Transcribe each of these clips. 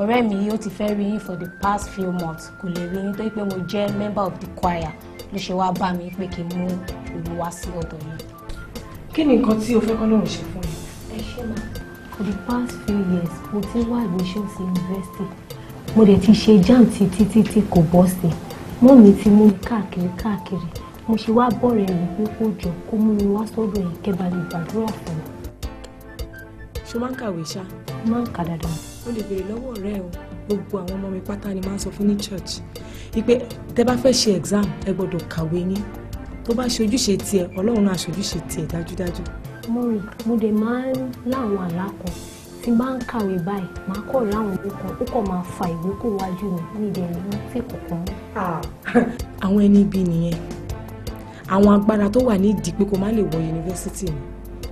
ọ̀rẹ́ mi yìí ó ti fẹ́ rí yín for the past few months kò lè rí yín torí pé mo jẹ́ member of the choir ló ṣe wáá bá mi pé kí n mú òun wá sí ọ̀dọ̀ yìí. kí ni nǹkan tí o fẹ́ kọ́ lóun ṣe fún yín. ẹ ṣe máa for the past few years mo ti ń wá admission sí university mo dẹ̀ ti ṣe jam títí títí kò bọ́ sí mọ́ mi ti mú mi káàkiri káàkiri mo ṣe wá bọ̀rẹ̀ rẹ̀ pé kó jọ kó mú mi wá sọ́dọ̀ yìí kẹ́ bá lè gbàdúrà fún mi. ṣé máa ń kàwé ṣá. mo máa ń kà dáadáa o lè béèrè lọ́wọ́ ọ̀rẹ́ o gbogbo àwọn ọmọ mi pátá ni máa ń sọ fún ní church wípé tẹ bá fẹ́ ṣe exam ẹ gbọ́dọ̀ kàwé yín tó bá ṣe ojúṣe tiẹ̀ ọlọ́run náà ṣojúṣe tiẹ̀ dájúdájú. mo rìn mo dẹ̀ máa ń láwọn àlá kan tí bá ń kàwé báyìí máa kọ̀ láwọn ìwé kan ó kọ̀ máa fa ìwé kó wájú mi ní ìdẹ̀ ní tí kọ̀ọ̀kan. àwọn ẹni ibi nìyẹn àwọn agbára tó wà ní ìdí pé kó má lè wọ yunifásítì ni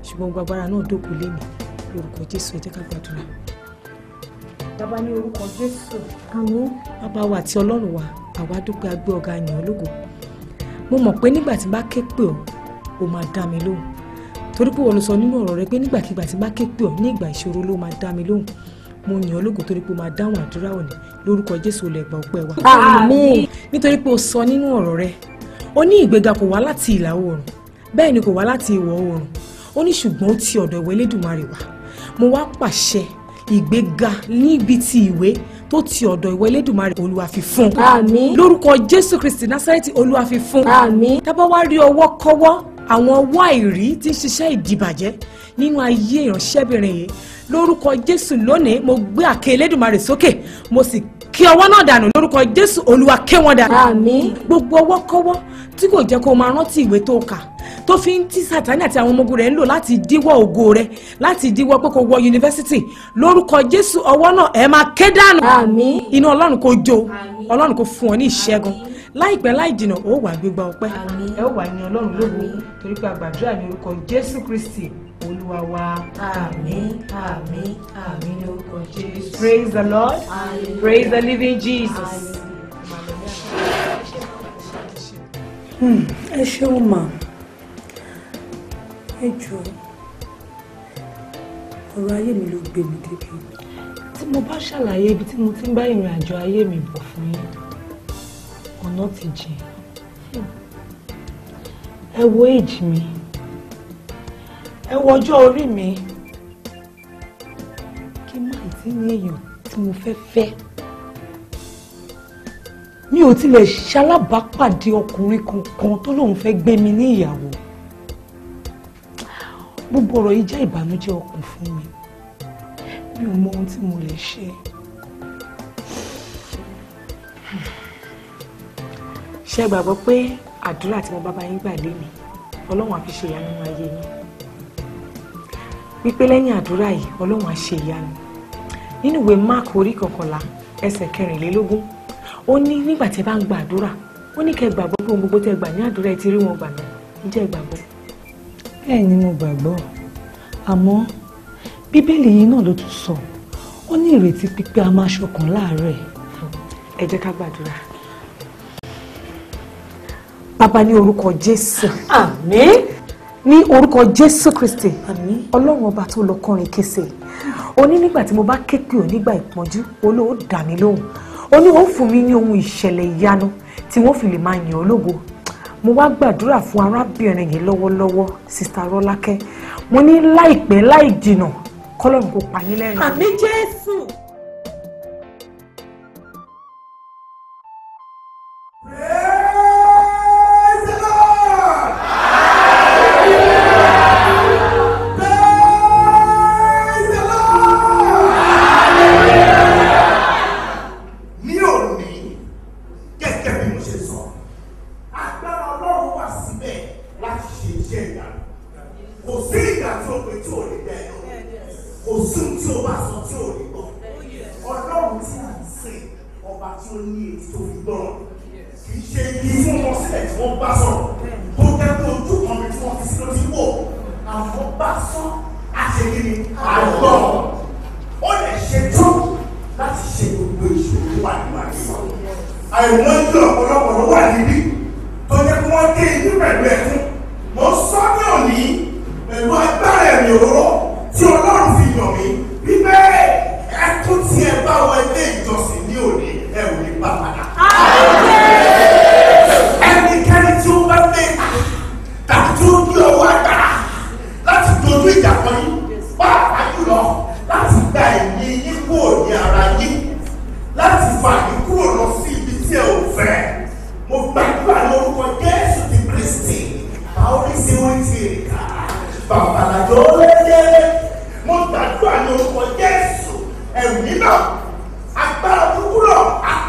ṣùgbọ́n gbogbo agbára náà dókòó lé mi lórúkọ jésù ẹ jẹ́ ká gbàdúrà bàbá ní orúkọ jésù. àmín. bàbá wa àti ọlọ́run wa àwa dúpẹ́ agbé ọ̀gá yàn lógo mo mọ̀ pé nígbà tí n bá ké pè ọ́ o máa dá mi lóhùn torí pé wọ́n lọ sọ nínú ọ̀rọ̀ rẹ pé nígbàkigbà tí n bá ké pè ọ́ ní ìgbà ìṣòro ló máa dá mi lóhùn mo yàn ọ́ lógo torí pé o máa dáhùn àdúrà òní lórúkọ jésù olè gba ọpẹ́ wa. àmín. nítorí pé o sọ nínú ọ̀rọ̀ rẹ o ní ìgbéga kò wá láti ìlà oòrùn bẹ́ẹ̀ ni kò wá láti ìwọ̀ oòrùn ó ní ṣùgbọ́n ó ti ọ̀dọ̀ ìwé elédùnmarè wá mo wá pàṣẹ ìgbéga níbi ti ìwé tó ti ọ̀dọ̀ ìwọ Elédùmarè Olúwa fi fún. àmín. lórúkọ Jésù Kristi Násárẹ́tì Olúwa fi fún. àmín. tá bá wá rí ọwọ́ kọ́wọ́ àwọn ọwọ́ àìrí tí ń ṣiṣẹ́ ìdìbàjẹ́ nínú ayé ìránṣẹ́bìnrin yìí lórúkọ Jésù lónìí mo gbé àké Elédùmarè sókè mo sì kí ọwọ́ náà dànù lórúkọ Jésù Olúwa ké wọn dànù. àmín. gbogbo ọwọ́ kọ́wọ́ tí kò jẹ́ kó o máa rántí ìwé tó kà tó fi ń tí sátani àti àwọn ọmọ ogun rẹ̀ ń lò láti díwọ́ ògo rẹ̀ láti díwọ́ pé kò wọ yunifásitì lórúkọ jésù ọwọ́ náà ẹ máa ké dànù iná ọlọ́run kò jó ọlọ́run kò fún ọ ní ìṣẹ́gun láìpẹ́ láì jìnà ó wà gbégbá ọpẹ́ ẹ ó wà ní ọlọ́run lógo torí pé a gbàdúrà ní orúkọ jésù kristi olúwa wa àmín àmín àmín lórúkọ jésù praise the lord Alleluia. praise the living jesus. Hmm, ẹ ṣeun màá ẹ jọ̀ọ́ ọ̀rọ̀ ayé mi ló gbé mi débi tí mo bá ṣàlàyé ibi tí mo ti ń bá ìrìn àjò ayé mi bọ̀ fún yín ọ̀nà ti jìn ẹ wo èjì mi ẹ wo ọjọ́ orí mi kí má ìtí ní èèyàn tí mo fẹ́ fẹ́ mi ò tilẹ̀ ṣalábàápàdé ọkùnrin kankan tó lóun fẹ́ gbé mi ní ìyàwó gbogbo ọ̀rọ̀ yìí jẹ́ ìbànújẹ́ ọkàn fún mi mi ò mọ ohun tí mo lè ṣe. ṣe gbàgbọ́ pé àdúrà tí mo bá bá yín gbà lémi ọlọ́run á fi ṣe ìyanu ayé yín wípé lẹ́yìn àdúrà yìí ọlọ́run á ṣe ìyanu nínú ìwé mark orí kọkànlá ẹsẹ̀ kẹrìnlélógún ó ní nígbà tí ẹ bá ń gba àdúrà ó ní kẹ́ gbàgbọ́ pé ohun gbogbo tẹ́ gbà ní àdúrà ẹ ti rí wọn gbà náà ǹjẹ́ gbàgbọ́ bẹ́ẹ̀ ni mo gbàgbọ́ àmọ́ bíbélì yìí náà ló tún sọ ó ní ìrètí pípé a máa ṣọkàn láàárẹ̀. ẹ jẹ́ ká gbàdúrà bàbá ní orúkọ jésù àmín ní orúkọ jésù kristi àmín ọlọ́run ọba tó lọ kọrin kése ó ní nígbà tí mo bá ké pè ọ́ nígbà ìpọ́njú olóò dà mí lóhùn o ní ó fún mi ní ohun ìṣẹ̀lẹ̀ ìyanu tí wọ́n fi lè máa yìn ọ́ lógo mo wá gbàdúrà fún arábìnrin yìí lọ́wọ́lọ́wọ́ sista rọ́lákẹ́ mo ní láìpẹ́ láì jìnà kọ́lọ́run kó pa yín lẹ́nu. àmì jésù.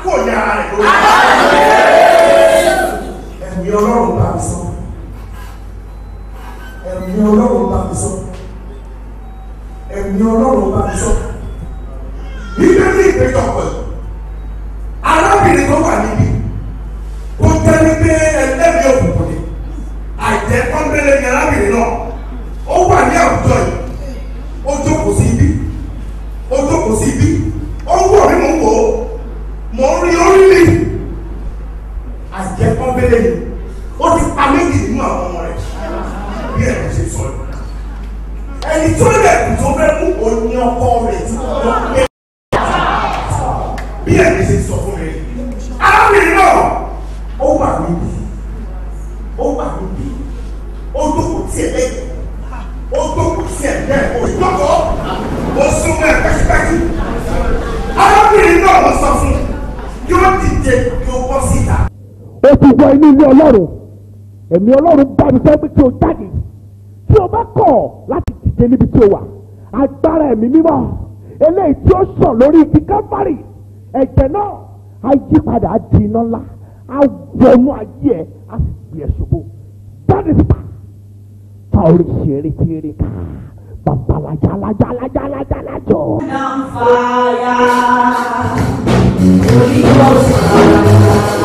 kú òní ara rẹ̀ lórí ẹ̀mí ọlọ́run bá mi sọ ẹ̀mí ọlọ́run bá mi sọ ẹ̀mí ọlọ́run bá mi sọ bíbélì ìpéjọpọ̀ arábìnrin tó wà ẹ̀mí ọlọ́run bá mi fẹ́ pé kí o jáde tí o bá kọ̀ láti dìde níbi tí o wà agbára ẹ̀mí mímọ́ eléyìí tí ó sàn lórí igi káfárì ẹ̀jẹ̀ náà á di iná ńlá á ayé ẹ̀ á sì gbé ẹ̀ ṣubú jáde síta fa orí ṣeré ṣeré ká babalaja laja laja laja lajọ. nàfàyà orí yóò sàn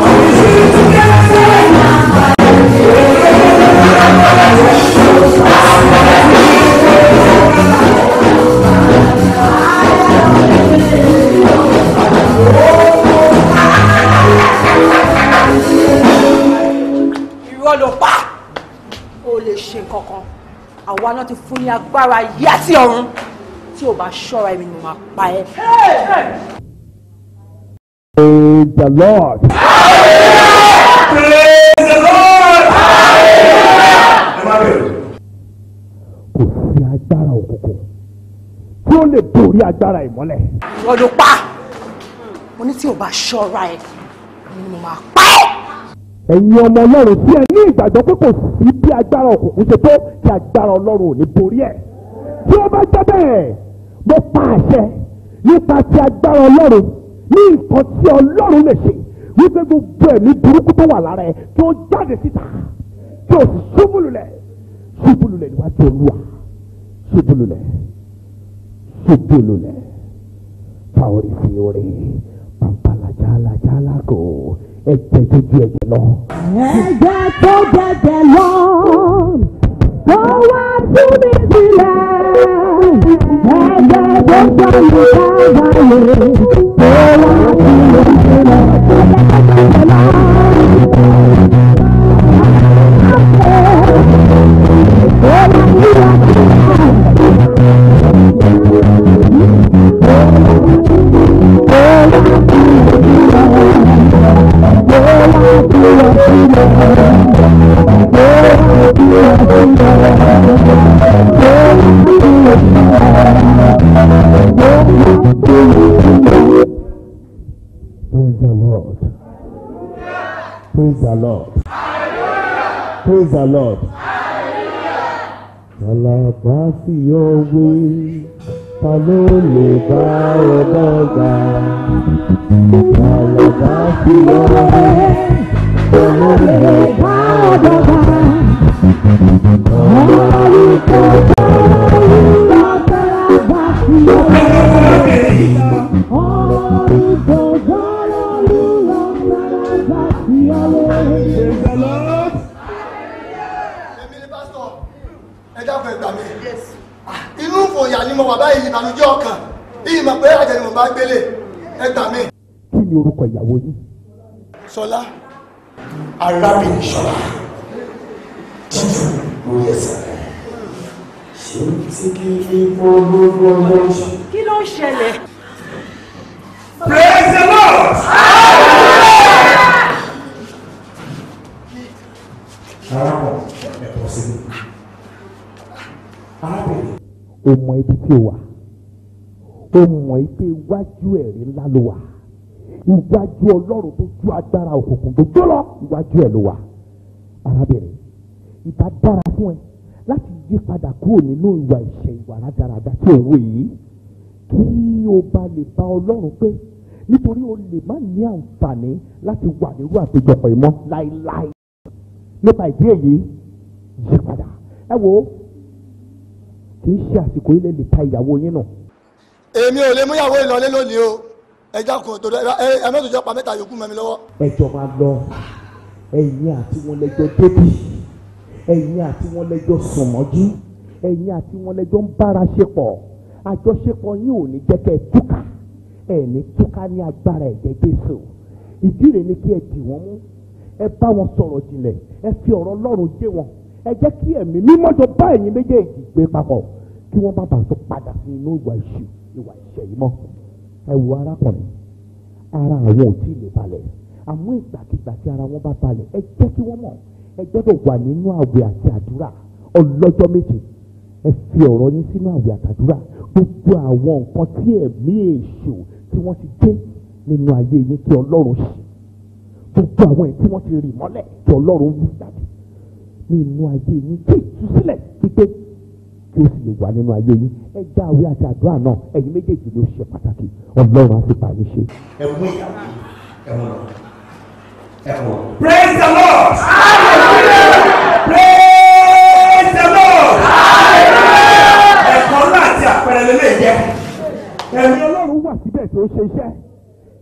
orí ṣètò kẹsẹ̀ nàfàyà àwa náà ti fún ní agbára ayé àti ọ̀run tí ò bá ṣọ́ra ẹ̀mí ni màá pa ẹ́. Praise the Lord. Hallelujah. lè borí agbára ìmọ́lẹ̀. wọ́n ló pa mo ní tí o bá ṣọ́ra ẹ̀ ni mo máa pa ẹ́. ẹ̀yin ọmọ ọlọ́run tí ẹ ní ìgbàgbọ́ pé kò sí bí agbára òkùnkùn ṣe tó kí agbára ọlọ́run ò ní borí ẹ̀ tí ó bá jẹ́ bẹ́ẹ̀ mo pa àṣẹ nípa ti agbára ọlọ́run ní nǹkan tí ọlọ́run lè ṣe wípé gbogbo ẹ̀mí burúkú tó wà lára ẹ̀ tó jáde síta tí o sì ṣubúlulẹ̀ ṣubúlulẹ̀ níwájú olúwa ṣubúlulẹ̀. సిద్ధులులే పౌరిసీయుడి పంపల చాలా చాలాకు ఎత్తు చేతిలో ఎగతో to the village. Hey, hey, don't go to the Praise the Lord. Praise the Lord. Praise the Lord. Hallelujah. Alàgbà sí òwe, ta ló lè bá ọ dọ́gba? Alàgbà sí ta ló lè bá ọ dọ́gba? orúkọ ìyàwó yín. Ṣọlá arábìnrin Ṣọlá kí ló ń ṣẹlẹ̀. praise the lord. o mọ ibi tí o wà o mọ ibi iwájú ẹ̀rí ńlá ló wà iwájú ọlọ́run tó ju agbára òkùnkùn tó jó lọ iwájú ẹ̀ ló wà arábìnrin ìbá dára fún ẹ láti yí padà kúrò nínú ìwà ìṣẹ̀ ìwà rádaràda tí òun wò yìí kí o bá lè bá ọlọ́run pé nítorí o lè má ní àǹfààní láti wà nírú àpéjọpọ̀ ìmọ̀ láéláé nípa ìdí èyí yí padà ẹ wo kì í ṣe àsìkò ilé lè ta ìyàwó yín nù. èmi ò lè mú ìyàwó ìlọlé lónìí o ẹja kun tó ẹ ẹ mẹtòjọ pa mẹ́ta yòókù mẹmi lọ́wọ́. ẹjọ máa lọ ẹ̀yin àti wọn lẹjọ débi ẹ̀yin àti wọn lẹ́jọ́ sùn mọ́jú ẹ̀yin àti wọn lẹ́jọ́ ń bára ṣe pọ̀ àjọṣepọ̀ yín ò ní jẹ́ kẹ́ ẹ túkà ẹ ní túká ní agbára ẹ̀jẹ̀ Jésù ìdí rẹ̀ ni kí ẹ dì wọ́n mú ẹ bá wọn sọ̀rọ̀ jìnlẹ̀ ẹ fi ọ̀rọ̀ Ọlọ́run jẹ wọn ẹ jẹ́ kí ẹ̀mí mímọ́ jọ bá ẹ̀yin méjèèjì gbé papọ̀ kí wọ́n má bàa tó padà sí inú ìwà ìṣù ìwà ìṣẹ̀ yìí mọ́ ẹ wo arákùnrin ara àwọn ò tí ì lè balẹ̀ àmọ́ ìgbàkigbà tí ara wọn bá balẹ̀ ẹ jẹ́ kí wọ́n mọ̀ ẹ gbọ́dọ̀ wà nínú àwẹ̀ àti àdúrà ọlọ́jọ́ méje ẹ fi ọ̀rọ̀ yín sínú àwẹ̀ àtàdúrà gbogbo àwọn nǹkan tí ẹ̀mí èṣù tí wọ́n ti dé nínú ayé yín kí ọlọ́run ṣe gbogbo àwọn ẹ̀ tí wọ́n ti rì mọ́lẹ̀ kí ọlọ́run wù jáde nínú ayé yín kí ìtúsílẹ̀ pípé kí ó sì lè wà nínú ayé yín ẹ gba àwẹ̀ àti àdúrà náà ẹ̀yin méjèèjì ló ṣe pàtàkì ọlọ́run á sì pàdé ṣe. ẹ mú ìyàwó ẹ mú lọ praise the lord. hallelujah. praise the lord. hallelujah. ẹ̀kọ́ náà ti àpẹẹrẹ lélẹ̀ yẹ. ẹ̀mí ọlọ́run wà síbẹ̀ tó ṣe iṣẹ́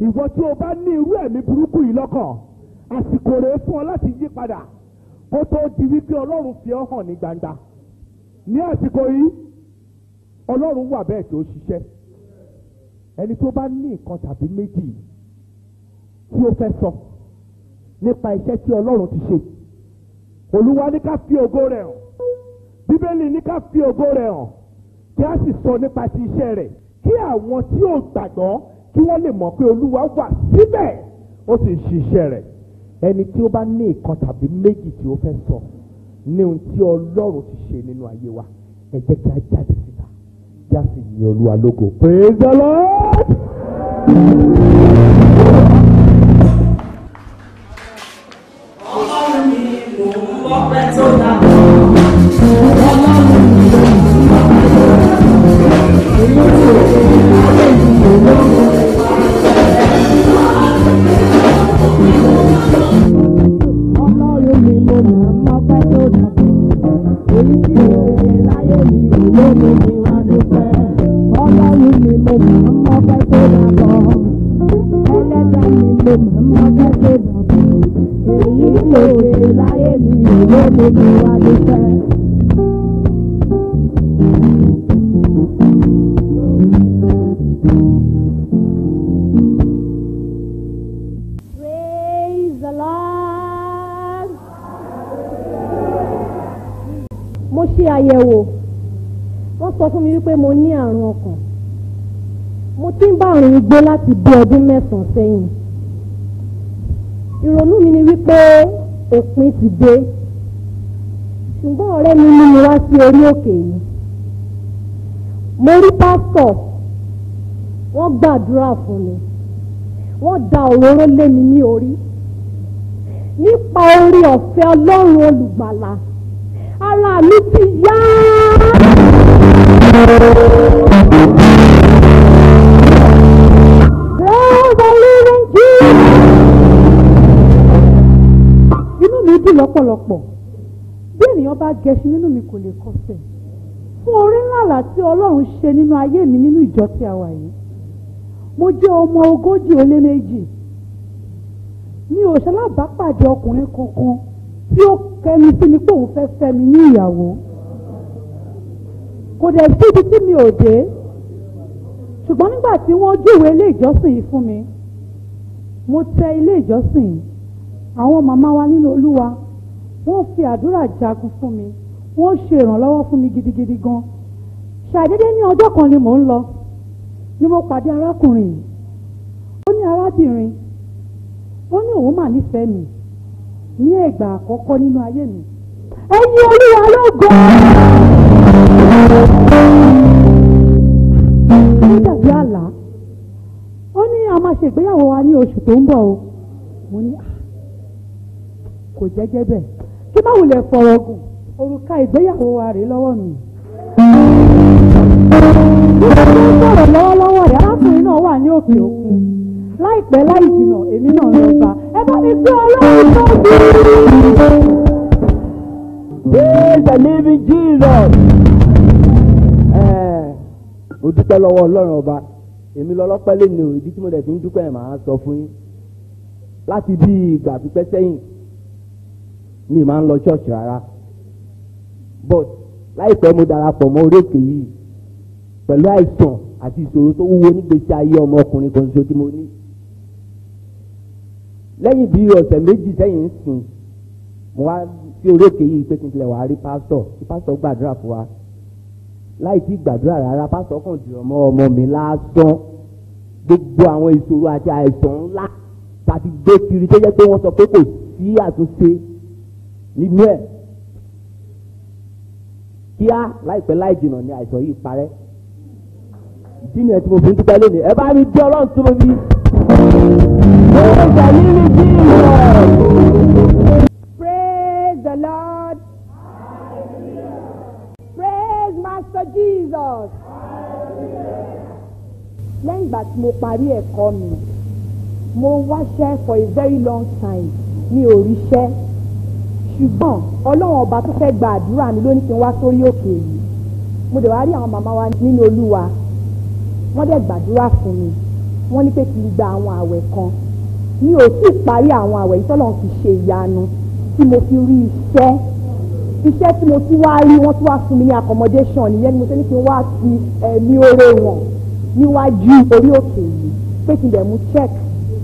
ìwọ tí o bá ní irú ẹ̀mí burúkú yìí lọ́kàn àsìkò rèé fún ọ láti yí padà kó tó di wípé ọlọ́run fi ọ hàn ní gbangba ní àsìkò yìí ọlọ́run wà bẹ́ẹ̀ tó ṣiṣẹ́ ẹni tó bá ní nǹkan tàbí méjì tí ó fẹ́ sọ. So nípa iṣẹ́ tí ọlọ́run ti ṣe olúwa ní ká fi ògo rẹ̀ hàn bíbélì ní ká fi ògo rẹ̀ hàn kí a sì sọ nípa ti iṣẹ́ rẹ̀ kí àwọn tí ò gbàgbọ́ kí wọ́n lè mọ̀ pé olúwa wà síbẹ̀ ó sì ń ṣiṣẹ́ rẹ̀ ẹni tí ó bá ní ìkan tàbí méjì tí ó fẹ́ sọ ní ohun tí ọlọ́run ti ṣe nínú ayé wa ẹ jẹ́ kí a jáde síta kí a olúwa lógo praise the lord. walk right so now. ti bí ọdún mẹ́sàn-án sẹ́yìn ìrònú mi ni wípé òpin ti dé ṣùgbọ́n ọ̀rẹ́ mi mú mi wá sí orí òkè yìí mo rí pásítọ̀ wọ́n gbàdúrà fún mi wọ́n da òróró lé mi ní orí nípa orí ọ̀fẹ́ ọlọ́run olùgbàlà ara mi ti yá. lọ́pọ̀lọpọ̀ bí ènìyàn bá gẹṣin nínú mi kò lè kọsẹ̀ fún orí ńlá tí ọlọ́run ṣe nínú ayé mi nínú ìjọ tí a wà yìí mo jẹ́ ọmọ ogójì ó lé méjì mi ò ṣalábàápàdé ọkùnrin kankan tí ó kẹnu sí mi pé òun fẹ́ fẹ́ mi ní ìyàwó kò dẹ̀ síbi tí mi ò dé ṣùgbọ́n nígbà tí wọ́n júwe ilé ìjọsìn yìí fún mi mo tẹ ilé ìjọsìn àwọn màmá wa nínú olúwa wọ́n fi àdúrà jagun fún mi wọ́n ṣe ìrànlọ́wọ́ fún mi gidigidi gan ṣàdédé ní ọjọ́ kan ni mò ń lọ ni mo pàdé arákùnrin yìí ó ní arábìnrin ó ní òun mà nífẹ̀ẹ́ mi ní ẹ̀gbà àkọ́kọ́ nínú ayé mi ẹ̀yin olúwa ló gbọ́. ó dàbí àlá ó ní a máa ṣègbéyàwó wa ní oṣù tó ń bọ̀ o mo ní ah, kò jẹ́jẹ́ bẹ́ẹ̀ tí báwo lè fọ̀rọ̀ gùn òrùka ìgbéyàwó wa rèé lọ́wọ́ mi. nígbà sọ̀rọ̀ lọ́wọ́lọ́wọ́ rẹ̀ arákùnrin náà wà ní òkè òkun láìpẹ́ láì jìnnà èmi náà ló bá ẹ bá mi gbé ọlọ́run Jesus. Mo dúpẹ́ lọ́wọ́ ọlọ́run ọba èmi lọ́lọ́pẹ́ lè nù ìdí tí mo dẹ̀ fi ń dúpẹ́ màá sọ fún yín láti bí ìgbà pípẹ́ sẹ́yìn mi máa ń lọ ṣọ́ọ̀ṣì rárá but láìpẹ́ mo darapọ̀ mọ́ orí òkè yìí pẹ̀lú àìsàn àti ìṣòro tó wúwo nígbèsí ayé ọmọkùnrin kan ṣoṣo tí mo ní lẹ́yìn bí ọ̀sẹ̀ méjì sẹ́yìn ń sìn mo wá sí orí òkè yìí pé kí n tilẹ̀ wá rí pásítọ̀ kí pásítọ̀ gbàdúrà fún wa láì tí gbàdúrà rárá pásítọ̀ kàn dìrọ̀ mọ́ ọmọ mi lásán gbogbo àwọn ìṣòro àti àìsàn ńlá tàbí gbé kiri tó jẹ́ pé wọ́n sọ pé kò sí àtúnṣe nínú ẹ̀ kíá láìpẹ́ láì jìnnà ni àìsàn yìí parẹ́ ìdí nìyẹn tí mo fi ń dúpẹ́ lónìí ẹ bá mi bí ọlọ́run tó mo Praise the living Jesus. Praise the Lord. Praise Master Jesus. Lẹ́yìn ìgbà tí mo parí ẹ̀kọ́ mi, mo wáṣẹ́ for a very long time mi ò ríṣẹ́ ṣùgbọ́n ọlọ́run ọba tó fẹ́ gba àdúrà mi lónìí kí n wá sórí òkè yìí mo dẹ̀ wá rí àwọn màmá wa nínú olúwa wọ́n dẹ̀ gbàdúrà fún mi wọ́n ní pé kí n gba àwọn àwẹ̀ kan mi ò tí ì parí àwọn àwẹ̀ yìí tọ́lọ́run fi ṣe ìyanu tí mo fi rí iṣẹ́ iṣẹ́ tí mo ti wá rí wọ́n tún wá fún mi ní accommodation nìyẹn ni mo ṣe ní kí n wá fi ẹ̀mí oore wọn níwájú orí òkè yìí pé kí n dẹ̀ mú check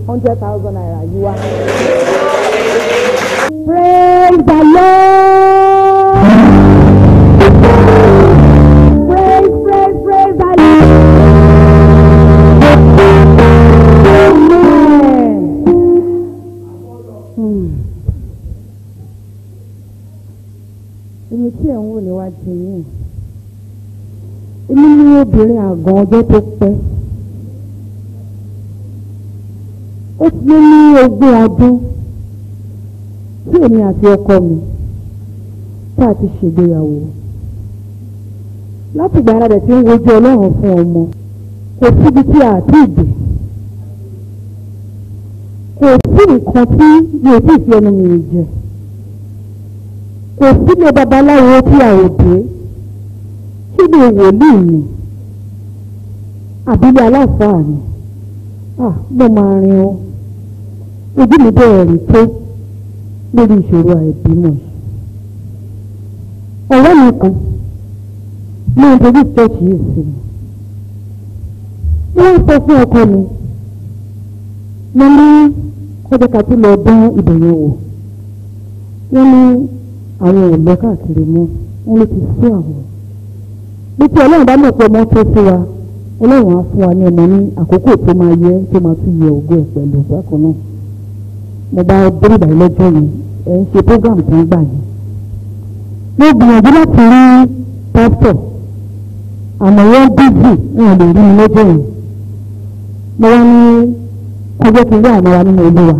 hundred thousand naira yìí wá. Praise the Lord. Praise, praise, praise the Lord. Amen. Hmm. Èmi tí ẹ̀ ń wò níwájú yìí. Èmi ní obìnrin àgàn ọjọ́ tó pẹ́. Ó ti ní ogún ọdún tí èmi àti ọkọ mi tá a ti ṣègbéyàwó láti ìgbà ara rẹ̀ ti ń wojú ọlọ́run fún ọmọ kò síbi tí a ti dé kò sí nǹkan tí mi ò tí ì fi ẹnu mi jẹ kò sílé babaláwo tí a ò dé kí ni wòlíì mi àbílẹ̀ aláǹfààní ah mo máa rin o ojú mi bẹ́ẹ̀ rí tó lórí ìṣòro àìbímọ yìí ọ̀rẹ́ mi kan ló ń dojú tọ́ọ̀kì yìí sí mi wọ́n sọ fún ọkọ mi mo ní ọjọ́ kàtí lọ dán ìbẹ̀yẹn wò wọ́n ní àwọn ò lọ káàkiri mọ́ wọ́n ló ti sún àwọn bí tí ọlọ́run bá mọ̀ pé ọmọ tó sí wa ọlọ́run á fún wa ní ọmọ ní àkókò tó máa yẹ tó máa tún yẹ ògo ẹ̀ pẹ̀lú bákan náà mo bá dé ìbàlẹ́ lọ́jọ́ yẹn ẹ̀ ń ṣe program tó ń gbà yìí mo gbìyànjú láti rí pásítọ̀ àmọ́ wọ́n bízì wọn lè rí mi lójú yẹn mo wá ní ọjọ́ tí ilé àwọn ará nínú olúwa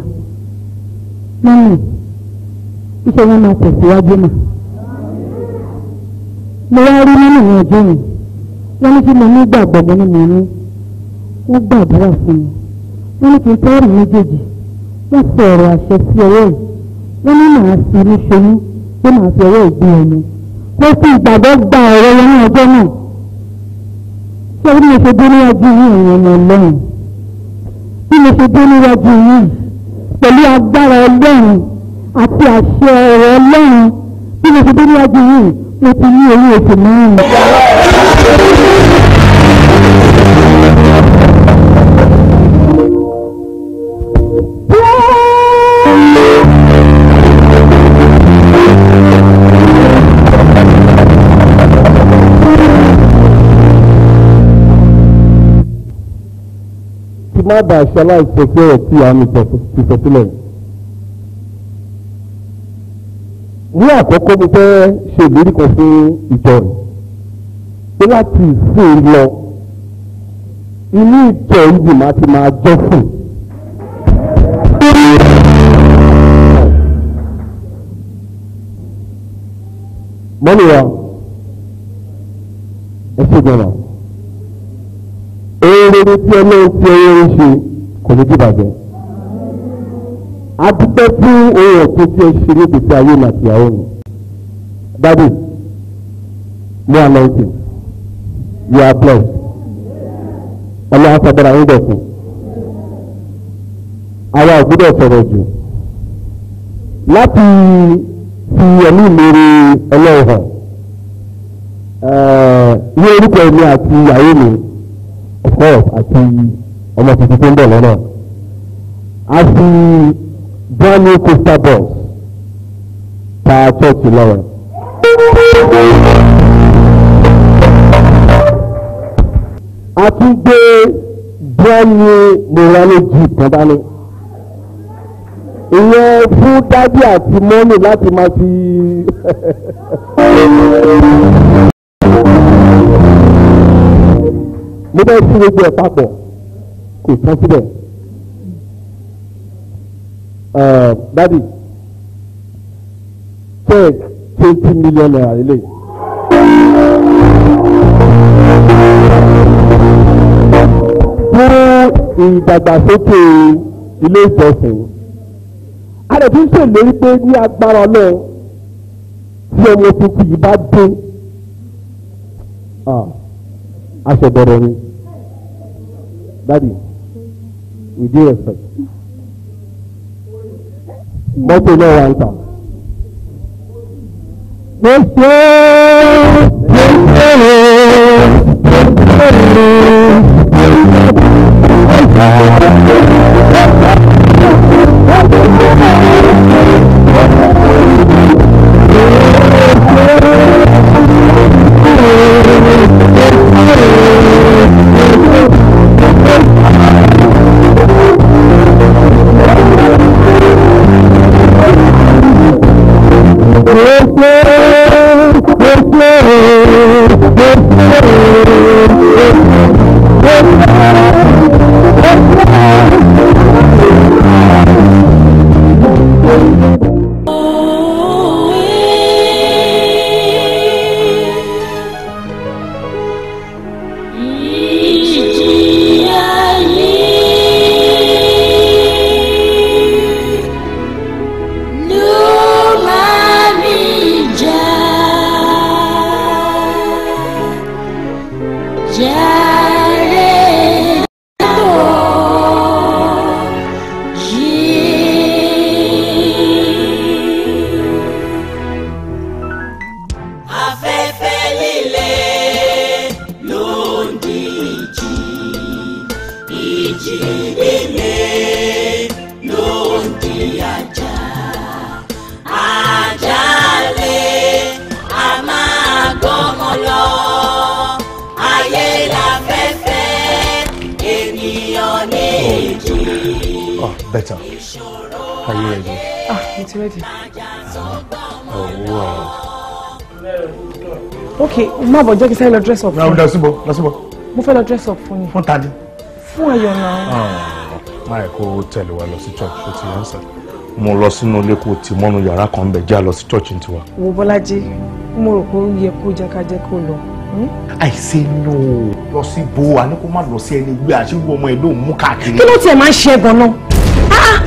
mọ́mì iṣẹ́ wọn máa tẹ̀síwájú mà mo wá rí nínú ìyẹn ọjọ́ yẹn wọ́n ní kí mo ní gbàgbọ́ mo ní mo ní wọ́n gbàdúrà fún mi wọ́n ní kí n tẹ́rù méjèèjì wọ́n sọ̀rọ̀ àṣẹ sí ọwọ́ yìí wọ́n ní màá fi ní ṣoyún pé màá fi ọwọ́ ògbìn ẹni kó fi ìgbàgbọ́ gba ọ̀rọ̀ wọn ní ọjọ́ náà ṣé bí mo ṣe dé níwájú yìí ìyẹn ni ọlọ́run bí mo ṣe dé níwájú yìí pẹ̀lú agbára ọlọ́run àti àṣẹ ọ̀rọ̀ ọlọ́run bí mo ṣe dé níwájú yìí mo ti ní orí oṣù márùn-ún. má bàa ṣe aláìsọ pé ọ̀rọ̀ tí a ní ti sọ sílẹ̀. ní àkọ́kọ́ mo fẹ́ ṣe ìlérí kan fún ìjọ rẹ̀ pé láti ìsìn lọ inú ìtọ̀ ìdì máa ti máa jọ́ fún. mọ́nìyàn ẹ ṣe gbọ́dọ̀ oore tí ọlọ́run fi ọyọ́ ń ṣe kò ní kí bàjẹ́ a dúpẹ́ fún ohun ọ̀tún tí ẹ ṣe ní gbèsè ayé láti àwọn òun dádì ní anointing you are blessed ọlọ́run sọ̀bọ̀rọ̀ àwọn ìdọ̀kùn àwa ò gbúdọ̀ sọ̀rọ̀ jù láti fi ẹ̀mí ìlérí ọlọ́run hàn eh, ní orúkọ ẹ̀mí àti ìyàwó mi of course àti ọmọ tuntun tó ń bọ̀ lọ́nà àti brand new coastal bus ta church lọ́wọ́. a tún gbé brand new morale jeep kan dání ìyẹn fún dádì àti mọ́mì láti máa fi. mo bẹ́ẹ̀ sí gbogbo ẹ̀ papọ̀ kò tán síbẹ̀ dadi check twenty million naira lele. fún ìdàgbàsókè ilé ìjọsìn a lè fi ń ṣèlérí pé ní agbára náà tí ọmọ tuntun yìí bá dé àṣẹ bẹ̀rẹ̀ ni. Daddy, we due respect But we mọ́tò náà wà ń tà. gbèsè gbèsè gbèsè. ok má bọ̀ jẹ́ kí sáré lọ dress up. ràn lọ síbọ̀ lọ síbọ̀. mo fẹ́ lọ dress up fún yín. fún tani. fún ayọ̀ náà. Ah, má yẹ kó tẹ̀lé wa lọ sí church ó ti yànsẹ̀ mo lọ sínú ilé kó tì mọ́nu yàrá kan bẹ̀ já lọ sí church ní tiwa. wo bọ́lájí mo rò pé ó yẹ kó jákàjẹ́ kó lọ. Hmm? I say no lọ sí bo àní kó má lọ sí ẹni gbé àṣírí ọmọ ẹ ló mú káàkiri. kí ló tiẹ̀ máa ń ṣe gan-an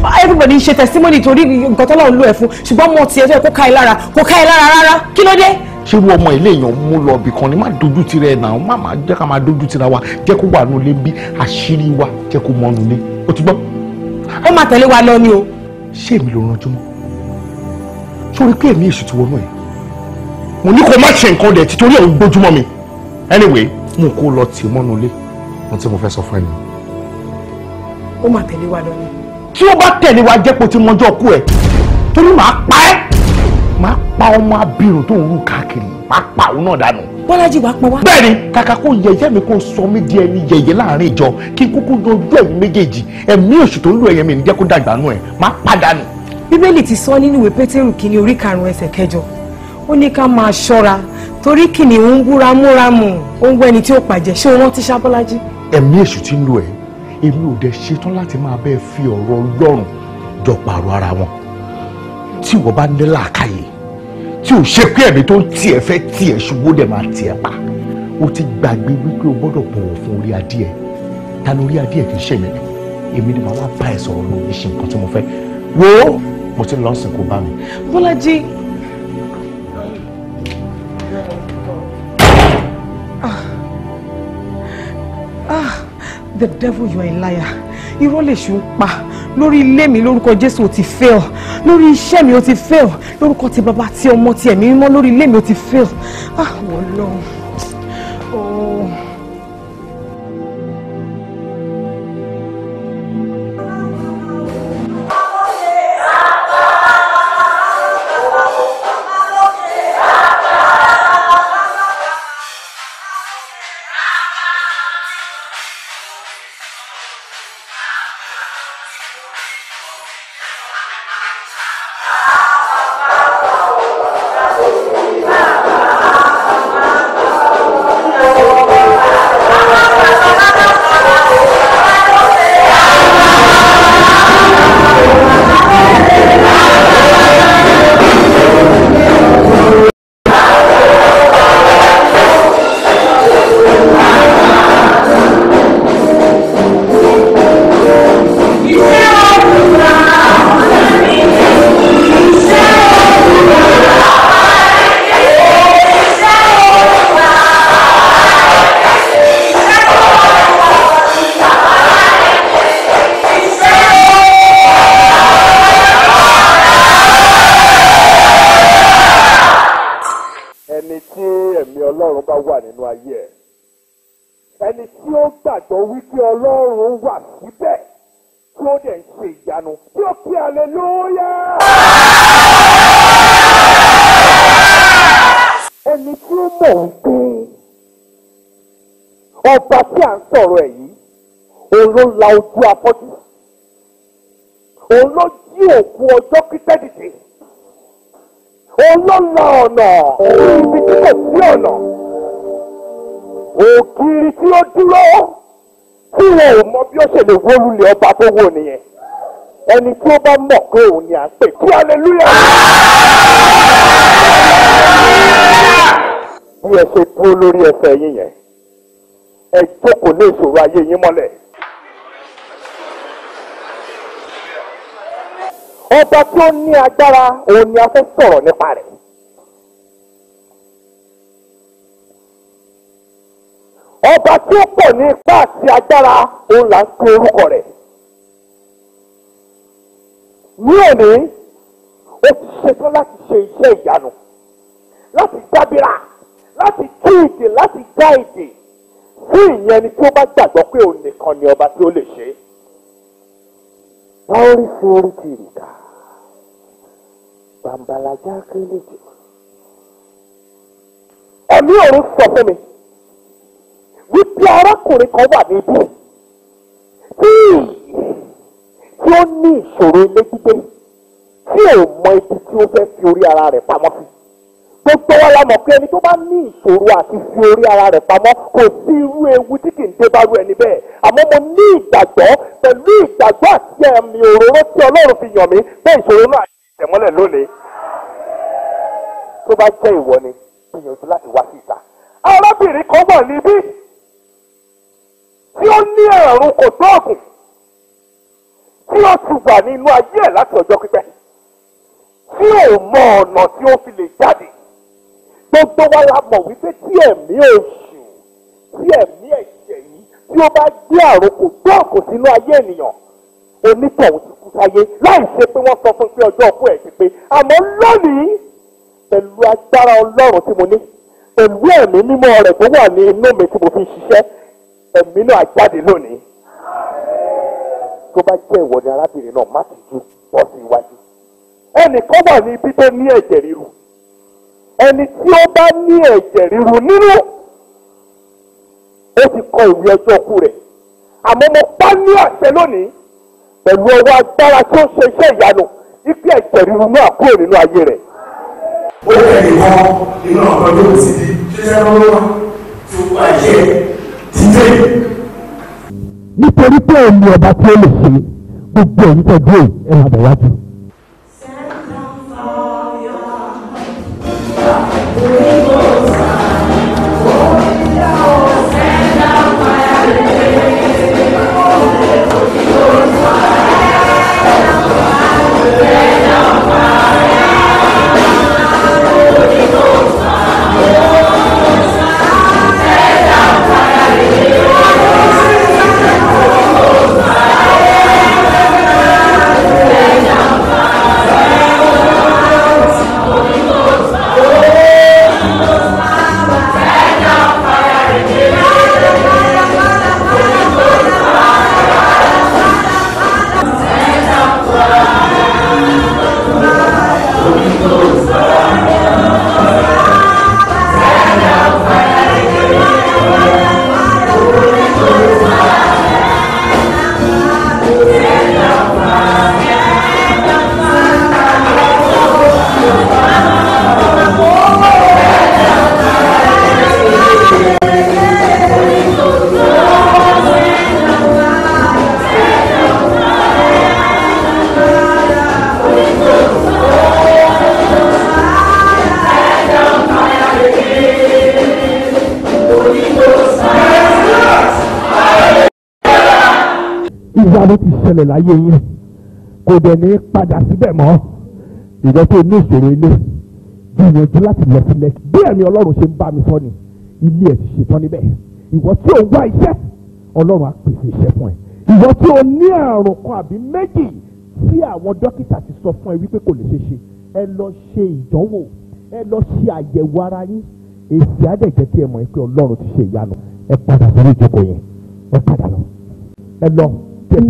ah, ah, everybody ń ṣe testimony torí nǹkan tọ́lọ́run lò ẹ̀ fún ṣùgbọ́n mo tiẹ̀ tó yẹ kó ká ẹ lára kó ká ẹ lára rárá kí ló dé ṣé irú ọmọ ilé èèyàn mú lọ ibì kan ni má dojú tirẹ̀ náà má má jẹ́ ká máa dojú tira wa jẹ́ kó wà nulẹ̀ bí àṣírí wa jẹ́ kó mọ́nu lé o ti gbọ́. ó máa tẹ̀lé wa lọ ni o. ṣé èmi ló ranjú mọ́ sórí pé èmi èṣù ti wọnú ẹ̀ mo ní kó má ṣe nǹkan dẹ̀ títorí ẹ̀ ń gbójúmọ́ mi anyway mo kó lọ tì mọ́nu lé ohun tí mo fẹ́ sọ fún ẹ nìyẹn. ó máa tẹ̀lé wa lọ ni. tí ó bá tẹ̀lé wa jẹ́ pé o ti mọjọ́ ọkú ẹ̀ torí màá pa ẹ́ máa pa ọmọ abirùn tó ń rú káàkiri máa pa òun náà dànù. bọ́lájì wàá pọn wá. bẹ́ẹ̀ni kàkà kó yẹ̀yẹ́ mi kó sọ mí di ẹni yẹ̀yẹ́ láàrin ìjọ kí n kúkú yanjú ẹ̀yìn méjèèjì ẹ̀mí òṣù tó ń lù ẹ̀yẹ mi níjẹ́ kó dàgbà nù ẹ̀ máa padà nù. bíbélì ti sọ nínú ìwé pétérù kìíní orí karùn-ún ẹsẹ̀ kẹjọ ó ní ká máa ṣọ́ra torí kìnìún ń búra múramù ó ń wẹ́ni tí ó pàjẹ́ ṣé wọ́n ti ṣá bọ́lájì. ẹ̀mí èṣù ti ń lù ẹ́ èmi ò dẹ̀ ṣetán láti máa bẹ́ẹ̀ fi ọ̀rọ̀ ọlọ́run jọ pààrọ̀ ara wọn tí ìwọ bá ní làákàyè tí ò ṣe pé ẹ̀mí tó ń tiẹ̀ fẹ́ tiẹ̀ ṣubú dẹ̀ máa tiẹ̀ pa ó ti gbàgbé wípé o gbọ́dọ̀ bọ̀wọ̀ fún orí adìẹ ta ni orí adìẹ kì í ṣe mi èmi ni màá wá bá ẹ sọ̀rọ̀ lórí ṣe nǹkan tí mo fẹ́ wo mo ti lọ sìnkú bá mi. Bọ́lájí. Ah, ah, the devil you are a liar irọ́ lè ṣù ń pa lórí ilé mi lórúkọ jésù ó ti fail lórí iṣẹ́ mi ó ti fail lórúkọ ti bàbá ti ọmọ ti ẹ̀mí mímọ́ lórí ilé mi ó ti fail ah wọ́n lọ́run. pọ̀ òun ló jí òkú ọjọ́ pípẹ́ dìde òun ló la ọ̀nà ibi tí kò sí ọ̀nà ògiri tí ó dúró tí wọn ò mọ bí ó ṣe lè wó lulẹ̀ ọba tó wò nìyẹn ẹni tí ó bá mọ̀ pé òun ni à ń pè kí aleluya. bí ẹ ṣe dúró lórí ẹsẹ̀ yín yẹn ẹ jókòó lé ìṣòro ayé yín mọ́lẹ̀. ọba tí ó ní agbára òun ni a fẹ́ sọ̀rọ̀ nípa rẹ̀. ọba tí ó pọ̀ ní ipá àti agbára òun là ń pe orúkọ rẹ̀. ní òní ó ti ṣetán láti ṣe iṣẹ́ ìyanu láti dábìrà láti tú ìdè láti dá ìdè fún ìyẹn ni tí ó bá gbàgbọ́ pé òun nìkan ni ọba tí ó lè ṣe é. Pauli Fioritinica bàǹbàlàjà kéré jù ẹ̀mí òru sọ fún mi wípé arákùnrin kan wà níbí tí tí ó ní ìṣòro ilé gbígbé tí ò mọ ibi tí ó fẹ́ fi orí ara rẹ̀ pamọ́ sí gbogbo wa la mọ̀ pé ẹni tó bá ní ìṣòro àti fi orí ara rẹ̀ pamọ́ kò sí irú ewu tí kì í dé bá rú ẹni bẹ́ẹ̀ àmọ́ mo ní ìgbàgbọ́ pẹ̀lú ìgbàgbọ́ àti ẹ̀mí òróró tí Ọlọ́run fi yàn mí bẹ́ẹ̀ ìṣòro náà tẹ̀mọ́lẹ̀ lónìí tó bá jẹ́ ìwọ ni gbìyànjú láti wá sí ìta. arábìnrin kan wà níbí tí ó ní àrùn kò tóògùn tí ó ti wà nínú ayé ẹ̀ láti ọjọ́ pípẹ́ tí ò mọ ọ̀nà tí ó fi lè jáde gbogbo wa la mọ̀ wípé tí ẹ̀mí oṣù tí ẹ̀mí ẹ̀jẹ̀ yìí tí ó bá gbé àrùn kò tóògùn sínú ayé ènìyàn onítọ̀hún ti kú sáyé láì ṣe pé wọ́n sọ fún pé ọjọ́ ọkú ẹ̀ ti pé àmọ́ lónìí pẹ̀lú agbára ọlọ́run tí mo ní pẹ̀lú ẹ̀mí mímọ́ rẹ̀ tó wà ní inú mi tí mo fi ṣiṣẹ́ ẹ̀mí náà jáde lónìí tó bá jẹ́ ìwọ ni arábìnrin náà má tìjú bọ́ sí iwájú ẹnìkan wà ní ibi tó ní ẹ̀jẹ̀ ríru ẹni tí ó bá ní ẹ̀jẹ̀ ríru nínú ó ti kọ ìwé ọjọ́ ọkú rẹ̀ àmọ́ mo pa ní àṣẹ lónìí pẹ̀lú ọwọ́ agbára tó ṣe iṣẹ́ ìyanu ibi ẹ̀jẹ̀ ríru náà kúrò nínú ayé rẹ̀. ó yẹ nìkan iná ọ̀pọ̀ ló ti di ṣíṣẹ́ lọ́wọ́ tó wáyé dídé. nítorí pé ẹ̀mí ọba tí ó lè ṣe gbogbo ẹ̀yìn tẹ̀gbọ́ ẹ̀ ẹ̀ máa bọ̀ wájú. Thank you. ṣẹlẹ̀ láyé yín kò dẹ̀ ní padà síbẹ̀ mọ́ ìjọ tó ní ìṣòro ilé gbìyànjú láti lọ sí lẹ́kì bí ẹ̀mí ọlọ́run ṣe ń bá mi sọ ni ilé ẹ̀ ti ṣetán níbẹ̀ ìwọ tí ò ń wá iṣẹ́ ọlọ́run á pèsè iṣẹ́ fún ẹ ìwọ tí o ní àrùn kan àbí méjì tí àwọn dókítà ti sọ fún ẹ wípé kò lè ṣeé ṣe ẹ lọ ṣe ìdánwò ẹ lọ ṣe àyẹ̀wò ara yín èsì àdẹ̀jẹ̀ tí ẹ mọ̀ pé ọlọ́run ti ṣe ìyanu ẹ padà sórí ìjókòó yẹn ẹ padà lọ ẹ lọ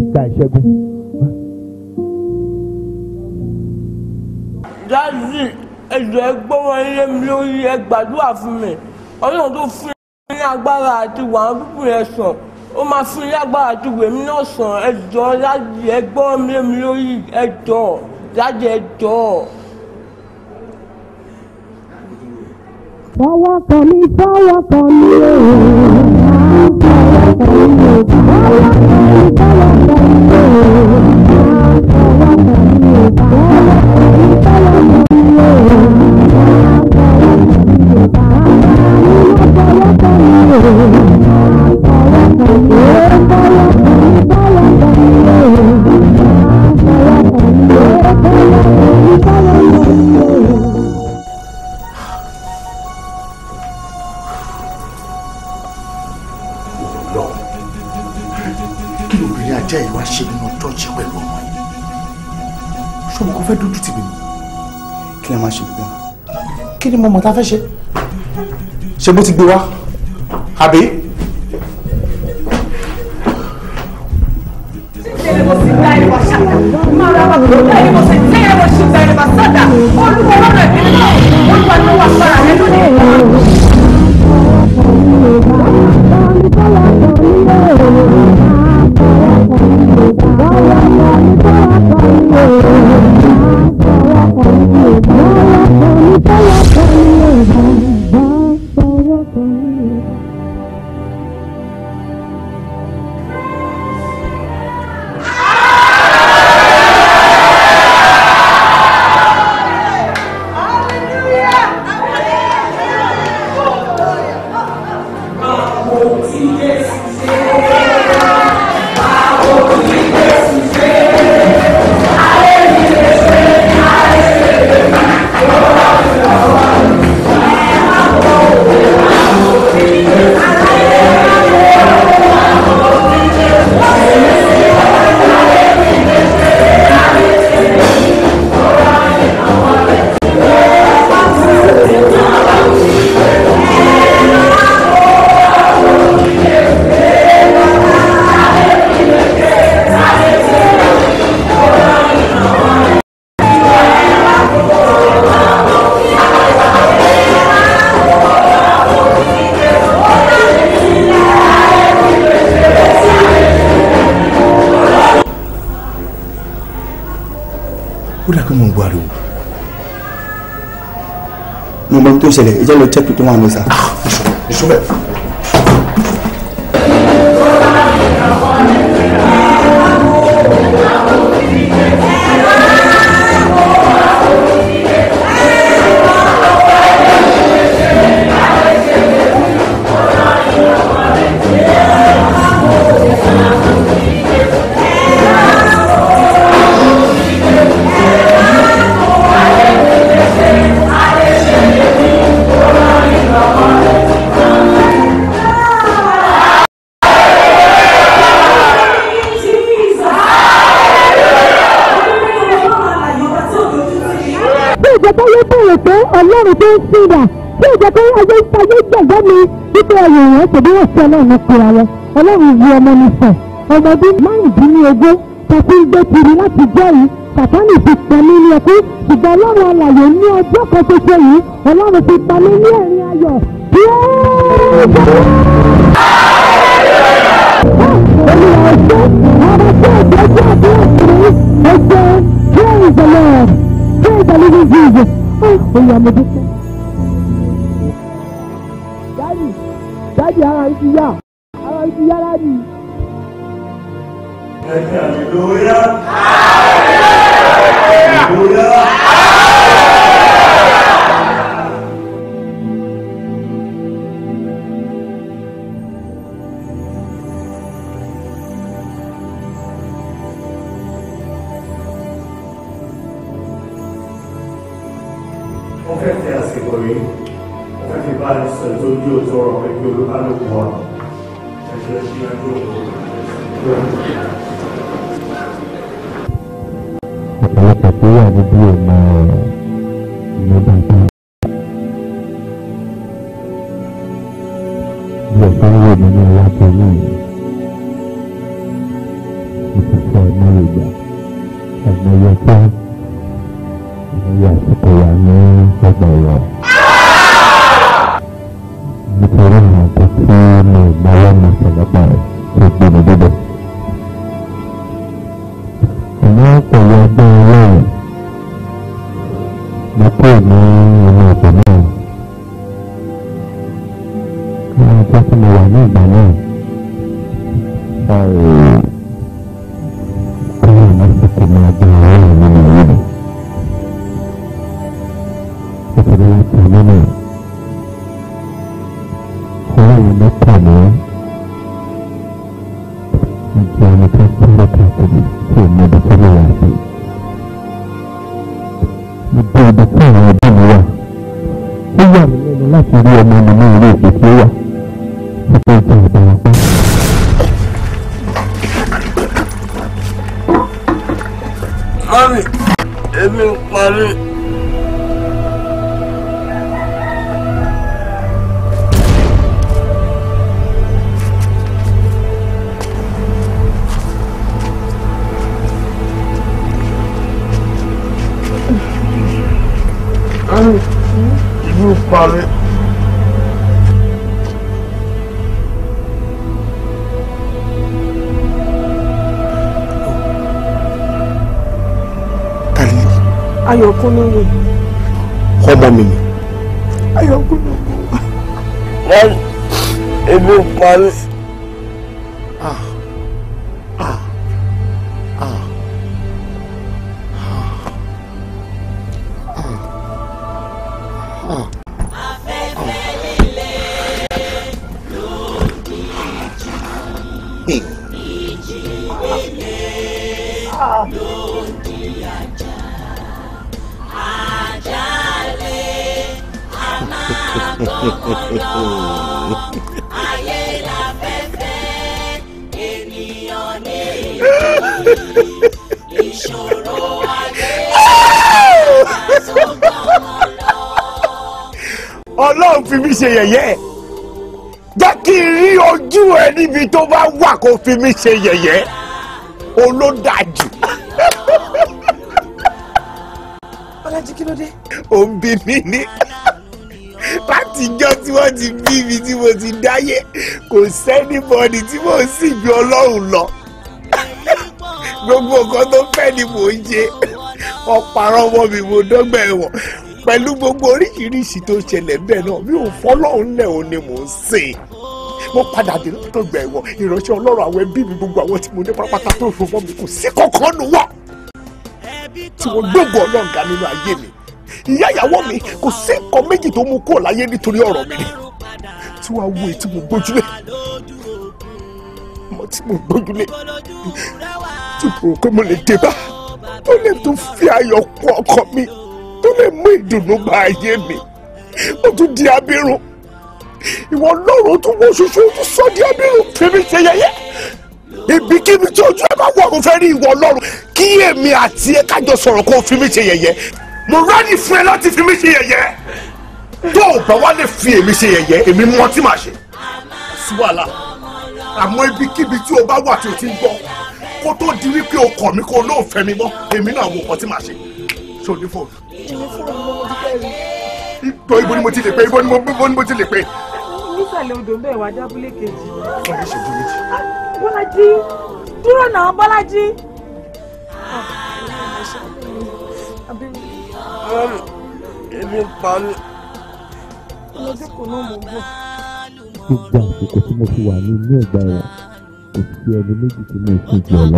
gba ìṣẹ́gun. dáàdì ẹ̀jọ̀ ẹ gbọ́wọ́ ilé mi lórí ẹ gbàdúrà fún mi ọlọ́run tó fún mi ní agbára àti wàhán púpù yẹn sàn ó máa fún mi lágbára àti wèmí náà sàn ẹ̀jọ̀ dáàdì ẹ gbọ́wọ́ ilé mi lórí ẹ̀jọ̀ dáàdì ẹ̀jọ̀. fọwọ́ kan mi fọwọ́ kan mi ooo fọwọ́ kan mi ooo fọwọ́ kan mi ooo. fẹ́ dúdú tìbí mi kí lè máa ṣe gbígbá kí ni mo mọ̀ tá a fẹ́ ṣe ṣe bó ti gbé wá àbí. pour la commune Guadeloupe. Nous, c'est le check tout le monde, ça. ọlọ́run tó ń sin ìdà tí ìjẹ́ pé ayé ayé gbàgbọ́ mi wípé ayé èèyàn kò bí wọ́n fi ọlọ́run pe ara ọlọ́run wu ọmọ mi sàn ọmọ ọdún márùndínlógún tàbí gbé kiri láti jẹ́rìí sàtánì ti pẹ̀lú ní ẹkú ṣùgbọ́n ọlọ́run alàyè ní ọjọ́ kan ṣoṣo yìí ọlọ́run ti pa mí ní ẹ̀rín ayọ̀ tí ó ń sọ. I'm a fẹ́ fẹ́ àsìkò yìí mo fẹ́ fi bá a sọ ìtọ́jú òtún ọ̀rọ̀ pé kí olúkálùkù wa ẹ̀jẹ̀ ṣí ọ̀pọ̀lọpọ̀ tó wà níbí ẹ̀ máa ẹ̀ lọ́dún tó. ìlú parí. Ayọ̀kúnlé wò. Ọmọ mi ni. Ayọ̀kúnlé wò. Mọ́ni, ebi ń parí. yẹ̀yẹ́ ẹ̀ jẹ́ kí n rí ojú ẹ níbi tó bá wà kó fi mí ṣe yẹ̀yẹ́ olódàjù. ọlájí kí ló dé. ò ń bí mi ní látijọ́ tí wọ́n ti bí mi tí mo ti dáyé kò sẹ́nibọ́dì tí mo sì ju ọlọ́run lọ gbogbo nǹkan tó fẹ́ ni mò ń ṣe ọ̀pọ̀ àrọ́ ọmọ mi mo dọ́gba ẹ̀wọ̀n pẹ̀lú gbogbo oríṣiríṣi tó ṣẹlẹ̀ bẹ́ẹ̀ náà mi ò fọlọ́run lẹ̀ ò mò ń sìn mo padà dé látọ̀ gbà ẹ̀wọ̀ ìránṣẹ́ ọlọ́run àwọn ẹbí mi gbogbo àwọn tí mo ní pátápátá tó fún fún mi kò sí kankan nù wọ́n tí wọ́n gbógun ọlọ́ǹga nínú ayé mi ìyá ìyàwó mi kò sí nǹkan méjì tó mú kúrò láyé nítorí ọ̀rọ̀ mi ni tí wọ́n á wo ètí mo gbójúlé mo tí mo gbójúlé tí mo rò mo lè dé bá tó lè tó fi ayọ̀ kún ọkọ mi fẹ́ mú ìdùnnú bá ayé mi ó tún di abirùn ìwọ ọlọ́run tún wọ ṣoṣo tún sọ di abirùn fèmí ṣe yẹ̀yẹ́ ibikíbi tí ojú ẹ bá wọ kó fẹ́ rí ìwọ ọlọ́run kí èmi àti ẹ kájọ sọ̀rọ̀ kó fi mí ṣe yẹ̀yẹ́ mo rádì fún ẹ láti fi mí ṣe yẹ̀yẹ́ tó o bá wá lè fi èmi ṣe yẹ̀yẹ́ èmi mọ tí màá ṣe sí wàhálà ibikíbi tí o bá wà tí o ti ń gbọ́ kó tó di wípé o kọ̀ mí kó o lóò fẹ́ mi mọ́ èmi náà wo ọkọ tí màá ṣe ṣòdí fóònù èmi fúnra mi mo ti fẹ́ rí. ibo ibo ni mo ti lè pè ibo ni mo ti lè pè. nísàlẹ̀ odò ń bẹ̀ wá dábúlé kejì. wọ́n lè ṣèjú méjì. bọ́lájí dúró náà bọ́lájí. ebi ń pa mí. ọmọdé kò náà mọ̀ bọ̀. gbogbo àsìkò tí mo fi wà ní inú ẹ̀gbá ẹ̀wọ̀n kò sí ẹni méjì tí mo fi jù ọ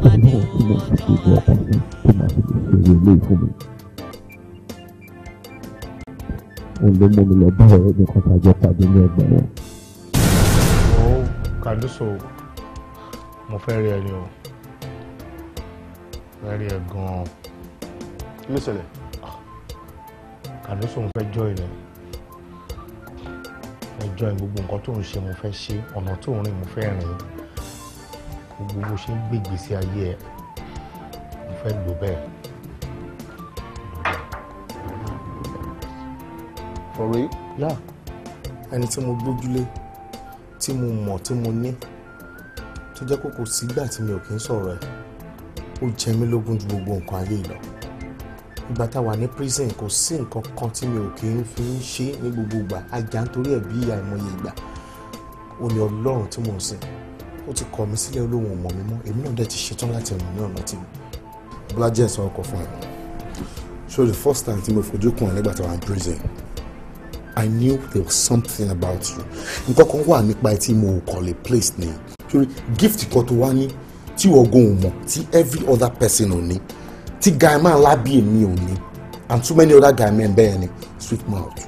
ọlọ́run tó lè fi ṣègbè ọkàn mi tó máa fi lè ṣe eré ilé ìfún mi. òun ló mú mi lọ bá ọ̀rẹ́ mi kan tàjọ pàdé ní ẹgbẹ́ wọn. ó kàdúsò mo fẹ́ rí ẹni o fẹ́ rí ẹ gan-an. kí ló ṣẹlẹ̀? kàdúsò ń fẹ́ jọ ilẹ̀ ẹjọ́ gbogbo nǹkan tó ń ṣe mo fẹ́ ṣe ọ̀nà tó ń rìn mo fẹ́ rìn gbogbo bó ṣe ń gbé ìgbésí ayé ẹ mo fẹ́ lò bẹ́ẹ̀. ọ̀rẹ́ yá ẹni tí mo gbójúlé tí mo mọ̀ tí mo ní tó jẹ́ kókò sígbà tí mi ò kí ń sọ̀rọ̀ ẹ̀ ó jẹ mí lógún ju gbogbo nǹkan ayé lọ ìgbà táwa ní prison kò sí nǹkan kan tí mi ò kí ń fi ń ṣe ní gbogbo ìgbà ajá nítorí ẹ̀ bí àìmọye ìgbà ó ní ọlọ́run tí mò ń sìn ó ti kọ̀ mí sílẹ̀ olóhùn ọmọ mi mọ́ èmi náà dẹ̀ ti ṣetán láti rìn ní ọ̀nà tèmi bọ́lájẹ́ ẹ̀sán ọkọ̀ fún ẹ so the first time tí mo fojú kàn ẹ́ nígbà tí wàá ń prison I knew there was something about you nǹkan kan wà nípa ẹ tí mo kọ̀ lè place ní sórí gift kan tó wá ní tí ọgọ́ ò mọ̀ tí every other person ò ní tí guy man lábí èmi ò ní and too many other guy men bẹ́ẹ̀ ni sweet mouth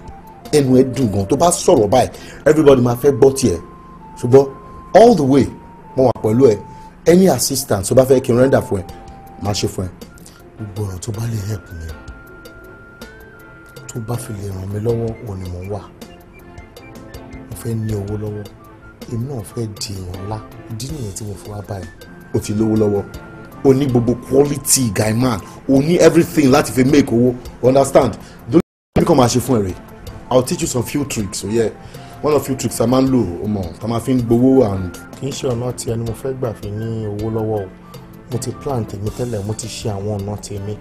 ẹnu ẹ dùn gan tó bá sọ̀rọ̀ báyìí everybody máa fẹ́ gbọ́ tiẹ̀ ṣùgbọ́n all the way mo wà pẹ̀lú ẹ any assistance tó bá fẹ́ kí n render fún ẹ máa ṣe fún ẹ. gbogbo ọ̀rọ̀ tó bá lè help mi tó bá fi lè ràn mí lọ́wọ́ òun ni mò ń wà mo fẹ́ ní owó lọ́wọ́ èmi náà fẹ́ di èèyàn ńlá ìdí nìyẹn tí mo fi wá báyìí. o ti lówó lọ́wọ́ o ní gbogbo quality guy man o ní everything láti fi make owó understand don't let me come and ṣe fún ẹ rẹ i will teach you some few tricks o so yeah one of few tricks a máa ń lò ó mọ̀ tá a máa fi ń gbowó and. kì í ṣe ọ̀nà tí ẹni mo fẹ́ gbà fi ní owó lọ́wọ́ o mo ti plan tèmi tẹ́lẹ̀ mo ti ṣe àwọn ọ̀nà tèmi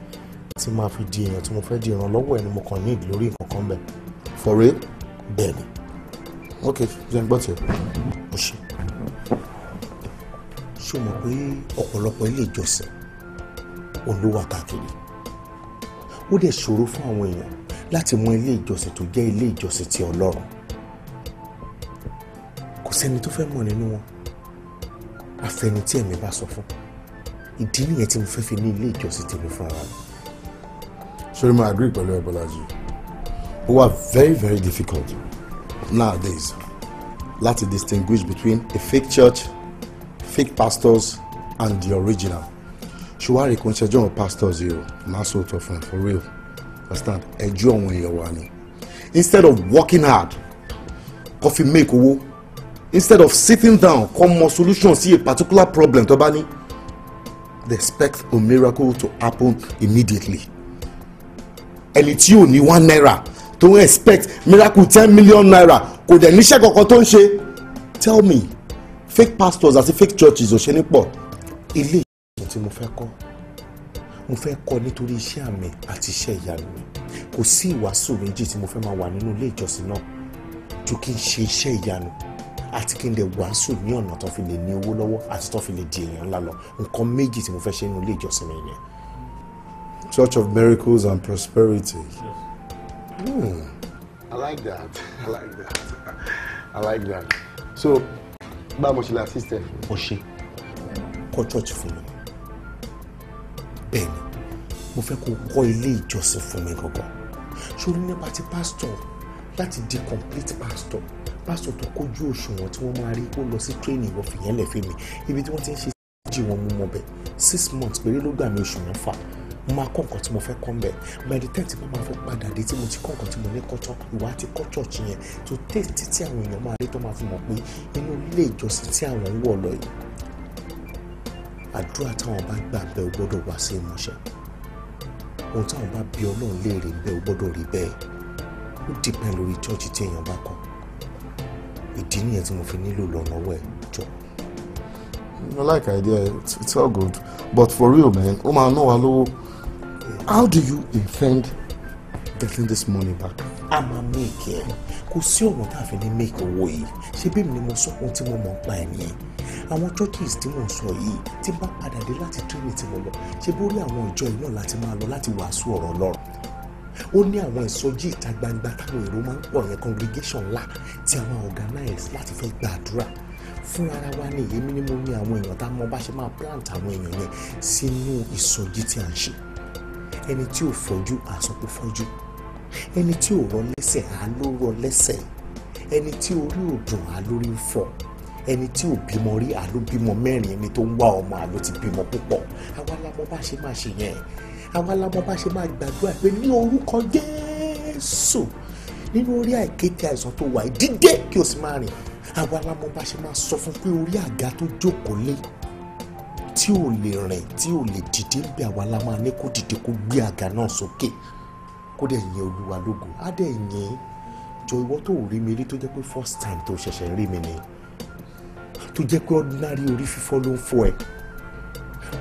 tí máa fi di èèyàn tí mo fẹ́ di ìrànlọ́wọ́ ẹni mo kàn ní ìdílórí nǹkan kan bẹ̀. for real. bẹ́ẹ̀ni. ok jẹ́ n gbọ́ tiẹ̀. mo ṣe ṣó mọ̀ pé ọ̀pọ̀lọpọ̀ ilé ìjọsìn òun ló wà káàkiri ó dẹ̀ ṣòro fún àwọn èèyàn láti mọ ilé ìjọsìn tó jẹ́ ilé ìjọsìn ti Ọlọ́run kò sẹ́ni tó fẹ́ mọ̀ nínú wọn àfẹni tí ẹ̀mí bá sọ fún ìdí nìyẹn tí mo fẹ́ fi ní ilé ìjọsìn tèmi fún ara mi. sori ma agree pẹ̀lú ẹ Bọ́lájí ó wà very very difficult nowadays láti distinguish between a fake church fake pastors and the original ṣùwárí kò ń ṣẹjọ́ àwọn pastors yìí o máa sọ òótọ́ fún ẹ for real understand ẹjọ́ àwọn èèyàn wa ni instead of working hard kó make owó instead of sitting down come more solution See a particular problem tó bá they expect a miracle to happen immediately ẹni tí ò ní one naira tó ń expect miracle ten million naira kò dẹ̀ níṣẹ́ kankan tó ń ṣe tell me fake pastors àti fake churches ò ṣe ní pọ̀ ilé ìjọsìn tí mo fẹ́ kọ́ mo fẹ́ kọ́ nítorí iṣẹ́ àmì àti iṣẹ́ ìyanu mi kò sí ìwàásù méjì tí mo fẹ́ máa wà nínú ilé ìjọsìn náà ju kí n ṣe iṣẹ́ ìyanu àti kí n dẹ̀ wàásù ní ọ̀nà tó fi lè ní owó lọ́wọ́ àti tó fi lè di èèyàn ńlá lọ nǹkan méjì tí mo fẹ́ ṣe nínú ilé ìjọsìn mi nìyẹn. Church of Miracles and Prosperity. Hmm. I like that. I like that. I like that. So, báwo ṣe la assist ẹ. mo ṣe kọ́ church fún mi bẹ́ẹ̀ ni mo fẹ́ kó kọ́ ilé ìjọsìn fún mi gangan ṣó ní nípa ti pastor láti di complete pastor pásítọ̀ tó kójú òṣùwọ̀n tí wọ́n máa rí ó lọ sí tírénì ìwọ fìyẹn lẹ̀ fèmí ibi tí wọ́n ti ń ṣe jí wọn mú mọ́ bẹ̀ six months péré ló gbà mí oṣù mẹ́fà mo máa kọ́ nǹkan tí mo fẹ́ kọ́ mbẹ̀ by the time tí mo máa fẹ́ padà dé tí mo ti kọ́ nǹkan tí mo ní kọ́tọ́ ìwà àti kọ́tọ̀ ọ̀chì yẹn tó tẹ̀ títí àwọn èèyàn máa rí tó máa fi mọ̀ pé inú ilé ìjọsìn tí àwọn ń wọ̀ lọ yìí àdúrà táwọn bá gbà bẹ́ẹ̀ o gbọ́dọ̀ wá sí ìmọ̀ṣẹ́ ohun táwọn bá bí ọlọ́run léèrè bẹ́ẹ̀ o gbọ́dọ̀ rí bẹ́ẹ̀ ó dìpẹ́ lórí chọ́ọ̀chì tí èèyàn bá kọ́ ìdí nìyẹn tí mo fi nílò lọ́wọ́ ẹ̀ jọ. I like idea it's, it's all good but for real man ó máa ná wa lówó how do you intend getting this money back. a máa make ẹ kò sí ọ̀nà tá a fi ní make owó yìí ṣé bí ni mo sọ ohun tí mo mọ̀ pa ẹ̀ nìyẹn àwọn churches tí mò ń sọ yìí tí bá padà dé láti training tí mo lọ ṣe bórí àwọn ìjọ yìí láti máa lọ láti wàásù ọ̀rọ̀ Ọlọ́run ó ní àwọn ìsọjí ìta gbangba táwọn èrò máa ń pọ̀ yẹn congregation ńlá tí a organize láti fẹ́ gbàdúrà fún ara wa ní èyí ni mo ní àwọn èèyàn tá a mọ bá ṣe máa plant àwọn èèyàn yẹn sínú ìsọjí tí a ń ṣe ẹni tí ò fọjú àsọpọ̀ fọjú ẹni tí ò rọ lẹ́sẹ̀ á ló rọ lẹ́sẹ̀ ẹni tí orí ò dùn á lórí ń fọ́ ẹni tí ò bímọ rí àló bímọ mẹ́rin ẹni tó ń wá ọmọ àló ti bímọ púpọ̀ àwa la bá ṣe máa ṣe yẹn àwọn alábàbà ṣe máa gbàdúrà pé ní orúkọ Jésù nínú orí àìkété àìsàn tó wà dídé kí o sì máa rìn àwọn alábàbà ṣe máa sọ fún pé orí àga tó jókòó lé tí ò lè rìn tí ò lè dìde ń bẹ àwọn alábàbà ní kó dìde kó gbé àga náà sókè kó dẹ̀ yìn Olúwa lógo á dẹ̀ yìn jọ ìwọ tó rí mi rí tó jẹ́ pé first time tó ṣẹ̀ṣẹ̀ rí mi ni tó jẹ́ pé ordinary orí fífọ́ ló ń fọ́ ẹ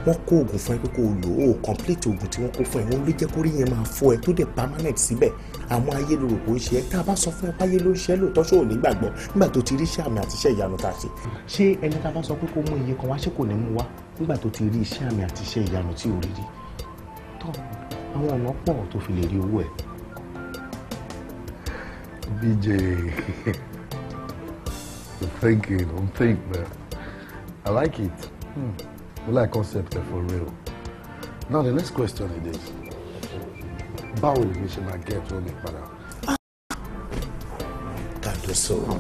wọ́n kó oògùn fún ẹ pé kó o lò ó complete oògùn tí wọ́n kó fún ẹ wọ́n ló jẹ́ kórí yẹn máa fọ́ ẹ tó dẹ̀ permanent síbẹ̀ àwọn ayé ló ẹ tá a bá sọ fún ẹ páyé ló ń ṣe ẹ lóòótọ́ nígbà tó ti rí iṣẹ́ àmì àti iṣẹ́ ìyanu tá a ṣe. ṣé ẹni tá a bá sọ pé kó mú iye kan wá ṣé kò ní mú wá nígbà tó ti rí iṣẹ́ àmì àti iṣẹ́ ìyanu tí ò rí rí tó àwọn ọ̀nà pọ̀ tó fi lè rí owó ẹ̀. BJ I'm thinking I'm thinking man I like it. Hmm. We like concept for real. Now the next question is this. Báwo lè mi ṣe máa gẹ́ tó mi padà? Kàdó sọ̀rọ̀.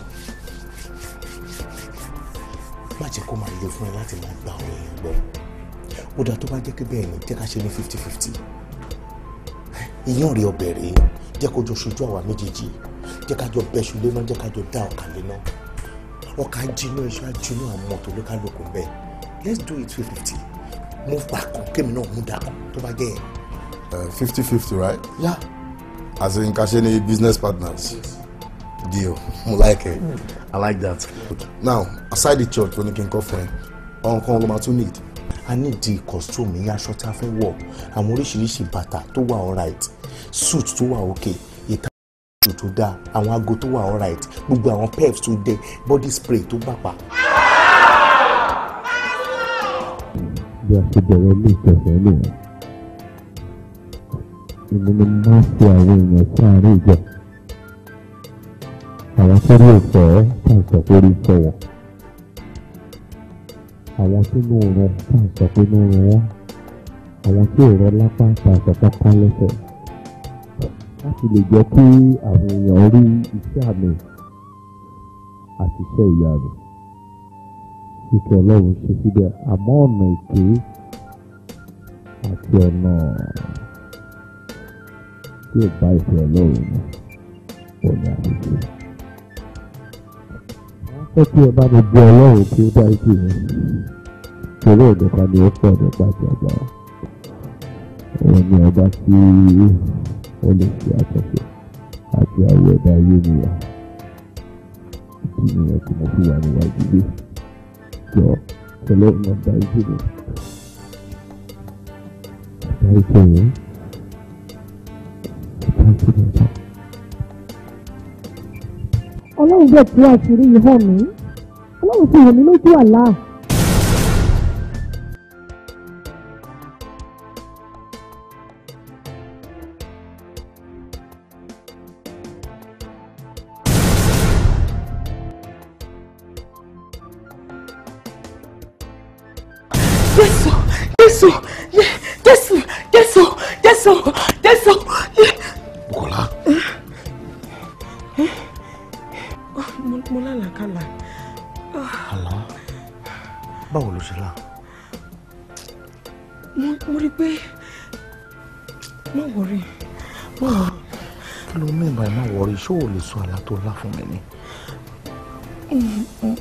Má jẹ́ kó máa le fún ẹ láti máa gba àwọn èèyàn gbọ́. Ó dáa tó bá jẹ́ pé bẹ́ẹ̀ ni jẹ́ ká ṣe ní fifty fifty. Ìyàn rí ọbẹ̀ rèé jẹ́ kó jọ ṣojú àwa méjèèjì jẹ́ ká jọ bẹ́ṣu lé náà jẹ́ ká jọ dá ọkà lé náà. Ọkà jinú iṣu á let's do it fifty fifty Move back, kan kémi náà mú dà kan tó bá jẹ́ yẹn. Eh, fifty fifty right. yeah. as in kase ni business partners. deal mo like it i like that. now aside the church tó ní kí n kọ́ fún ẹ ọ̀hún kan ló máa tún need a ní di costume ìyá aṣọ tá a fẹ́ wọ̀ àwọn oríṣiríṣi bàtà tó wà alright suit tó wà okay ìta tó dáa àwọn aago tó wà alright gbogbo àwọn peps tó dẹ body spray tó bàpà. bí a ṣe bẹ̀rẹ̀ ilé ìjọsìn nìyẹn èmi ni mo máa ń fi àwọn èèyàn sí àárín ìjọ àwọn tó rí ìfẹ́ tá à ń sọ pé rí ìfẹ́ wọn àwọn tó ní òrùn tá à ń sọ pé ní òrùn wọn àwọn tí ò lápá tá sọ pé kán lẹ́sẹ̀ láti lè jẹ́ kí àwọn èèyàn rí iṣẹ́ àmì àti iṣẹ́ ìyá rẹ̀ ìfẹ́ ọlọ́run ṣe síbẹ̀ àmọ́ ọ̀nà èké àti ọ̀nà tí ò bá ìfẹ́ ọlọ́run pọ̀ ní àwùjọ. wọ́n fẹ́ kí ẹ bá mi gbọ́ ọlọ́run tí ó dá ìdí mi torí ìdọ̀kan ni ó pọ̀ nípa ti agbára òun ni ọba tí ó lè ṣe àtọ̀tọ̀ àti àwọ̀ ẹ̀dá ayé ìdí nìyẹn tí mo fi wà níwájú gbé jọ ọlọ́run ọ̀dà ìjì mi ọ̀dà ìjì mi ọ̀dà ìjì mi jọ. ọlọ́run jẹ́ kí àṣírí yìí hàn ọlọ́run ti hàn mí lójú àlá. tó ńlá fún mi ni.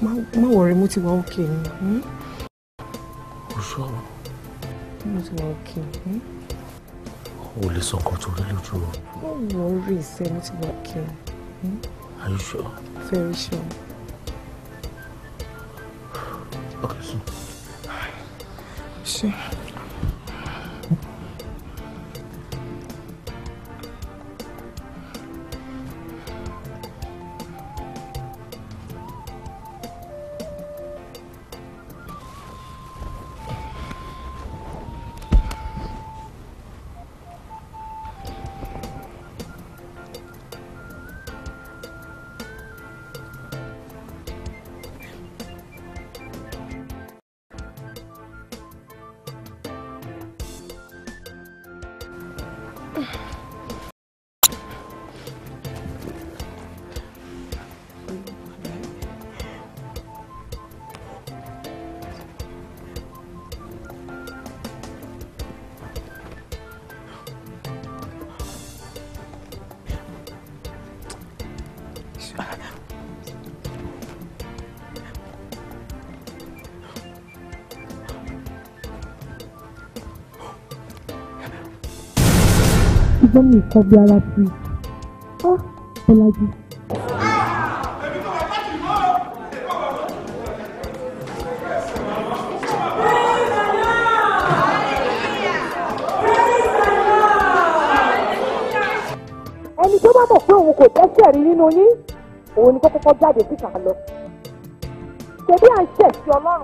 má mm, mm, wọrí mo ti hmm? wá òkè ni. o sọ o. mo ti wá òkè ni. o lè sọ nǹkan tó rí lójú o. má wọrí ìṣe mo ti wá òkè ni. Hmm? are you sure. very sure. okay so. ṣe. Sure. Ugh. mọ́mí ìkọ́bí ara sí i á Bọ́lájí. ẹni tó bá mọ̀ pé òun kò dẹ́ṣẹ̀ rí nínú yín òun ni kó kọ́kọ́ jáde síta lọ ṣebí à ń ṣẹ̀ṣẹ̀ ọlọ́run.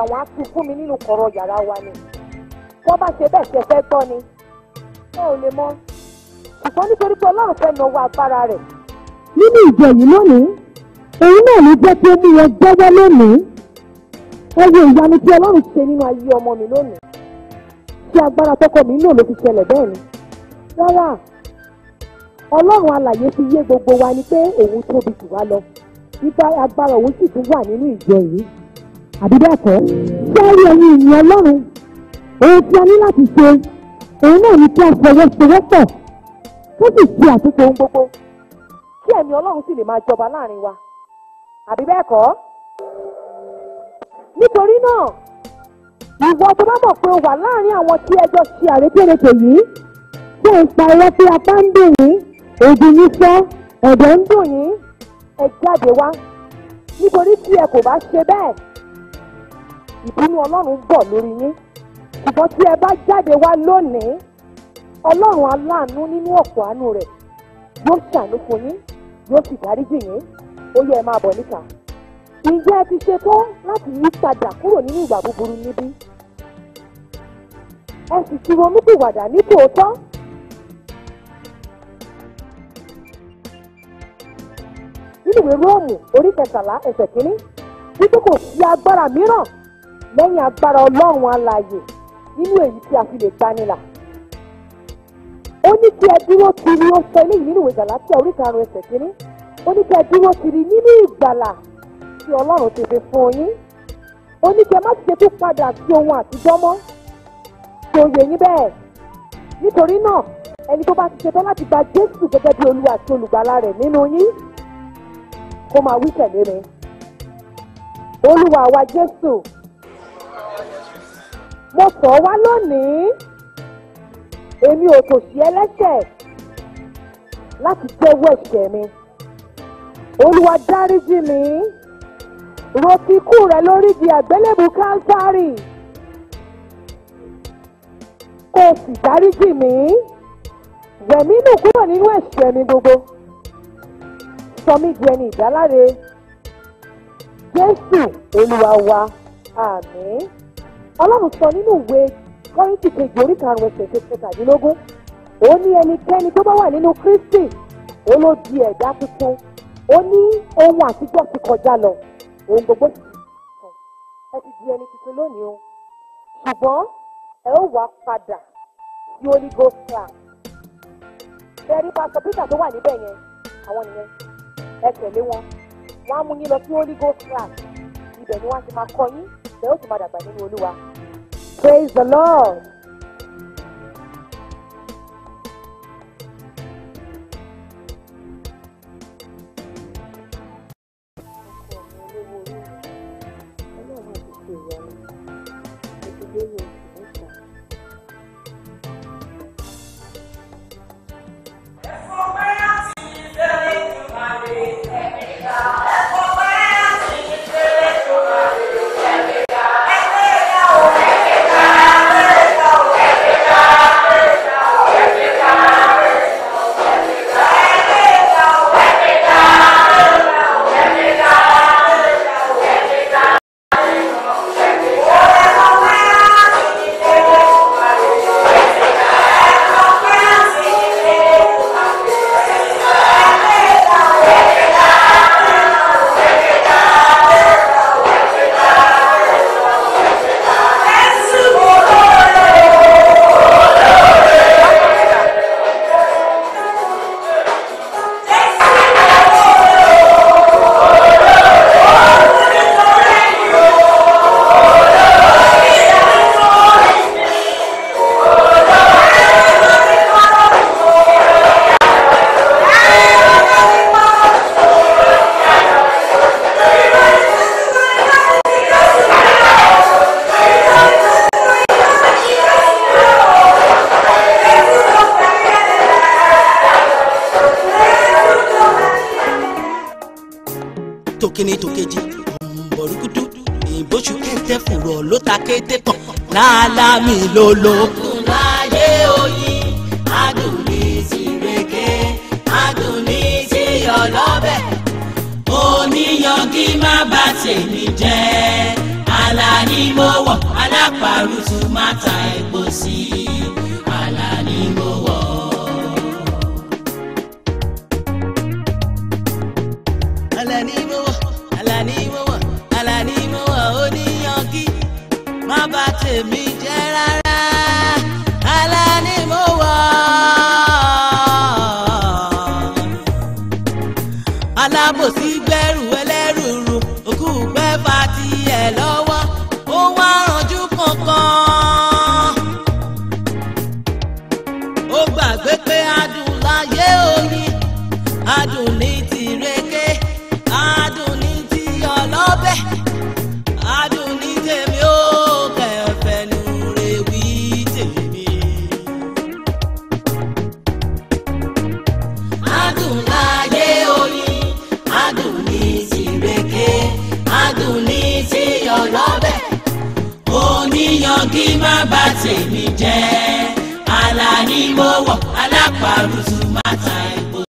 àwọn á fi fún mi nínú kọ̀rọ̀ yàrá wa ni wọ́n bá ṣe bẹ́ẹ̀ ṣe fẹ́ gbọ́ ni wọn ò lè mọ̀ ṣùgbọ́n nítorí pé ọlọ́run fẹ́ náwó agbára rẹ̀. nínú ìjọ yìí lónìí òun náà ló jẹ́ pé mú wọn gbẹ́wẹ́ lónìí ẹ wo ìyanu tí ọlọ́run ṣe nínú ayé ọmọ mi lónìí tí agbára tọkọ mi náà ló fi ṣẹlẹ̀ bẹ́ẹ̀ ni rárá ọlọ́run alàyè fi yé gbogbo wa ni pé òun tóbi jù wá lọ nípa agbára òun sì tún wà nínú ìjọ yìí àbí bẹ́ẹ̀ kọ́ kí á rí ẹyin ìyìn ọlọ́run ohun tí a ní láti ṣe òun náà ní kí a fọwọ́sowọ́pọ̀ tó sì ṣe àtúntò ohun gbogbo kí ẹ̀mí ọlọ́run sì lè máa jọba láàrin wa àbí bẹ́ẹ̀ kọ́ nítorí náà ìwọ tó bá mọ̀ pé o wà láàrin àwọn tí ẹjọ́ ṣe àrékérekè yìí tí ẹ̀ ń pa ẹwọ́ pé apá ń dùn yín èdè yín fẹ́ ẹ̀dẹ̀ ń dùn yín ẹ jáde wá nítorí tí ẹ kò bá ṣe bẹ́ẹ̀ ìbínú ọlọ́run bọ̀ lórí yín ṣùgbọ́n tí ẹ bá jáde wá lónìí ọlọ́run aláàánú nínú ọ̀pọ̀ àánú rẹ̀ yóò ṣàánú fún yín yóò sì dáríjì yín ó yẹ ẹ máa bọ̀ níta ǹjẹ́ ẹ ti ṣetán láti yí padà kúrò nínú búburú níbí ẹ sì ti ní tòótọ́. nínú ìwé róòmù orí kẹtàlá ẹsẹ̀ kínní títí kò sí agbára mìíràn lẹ́yìn agbára ọlọ́run alààyè nínú èyí tí a fi lè gbanilà ó ní kí ẹ dúró kiri ó sọ eléyìí nínú ìwé Gálátíà orí karùn-ún ẹsẹ̀ kínní ó ní kí ẹ dúró kiri nínú ìgbàlà tí ọlọ́run ti fi fún yín ó ní kí ẹ má ṣe tún padà sí ohun àtijọ́ mọ́ tó yẹ yín bẹ́ẹ̀ nítorí náà ẹni tó bá ti ṣetán láti gba Jésù gẹ́gẹ́ bí olúwa àti olùgbàlà rẹ̀ nínú yín kó máa wí tẹ̀lé mi olúwa wa Jésù mo sọ wá lónìí èmi ò tòṣì ẹlẹ́ṣẹ̀ láti jẹ́wọ́ ẹ̀ṣẹ̀ mi olúwa dáríjì mi ròtí ikú rẹ lórí di àgbélébù káńsárì kó o sì dáríjì mi yẹ̀mí nù kúrò nínú ẹ̀ṣẹ̀ mi gbogbo sọ mí di ẹni ìdáláre jésù olúwa wa àmín ọlọ́run sọ nínú ìwé kọ́rìntì kejì orí karùn-ún ẹsẹ̀ kẹtàdínlógún ó ní ẹnikẹ́ni tó bá wà nínú kristi ó ló di ẹ̀dá tuntun ó ní ohun àtijọ́ ti kọjá lọ ohun gbogbo ti di tuntun ẹ ti di ẹni tuntun lónìí o ṣùgbọ́n ẹ ó wá padà sí holy ghost class bẹ́ẹ̀ rí pásítọ̀ peter tó wà níbẹ̀ yẹn àwọn nìyẹn ẹ tẹ̀lé wọn wọ́n á mú yín lọ sí holy ghost class ibẹ̀ ni wọ́n á ti máa kọ́ yín bẹ́ẹ̀ ó ti máa dàgbà nínú olúwa. Praise the Lord. mi lolo.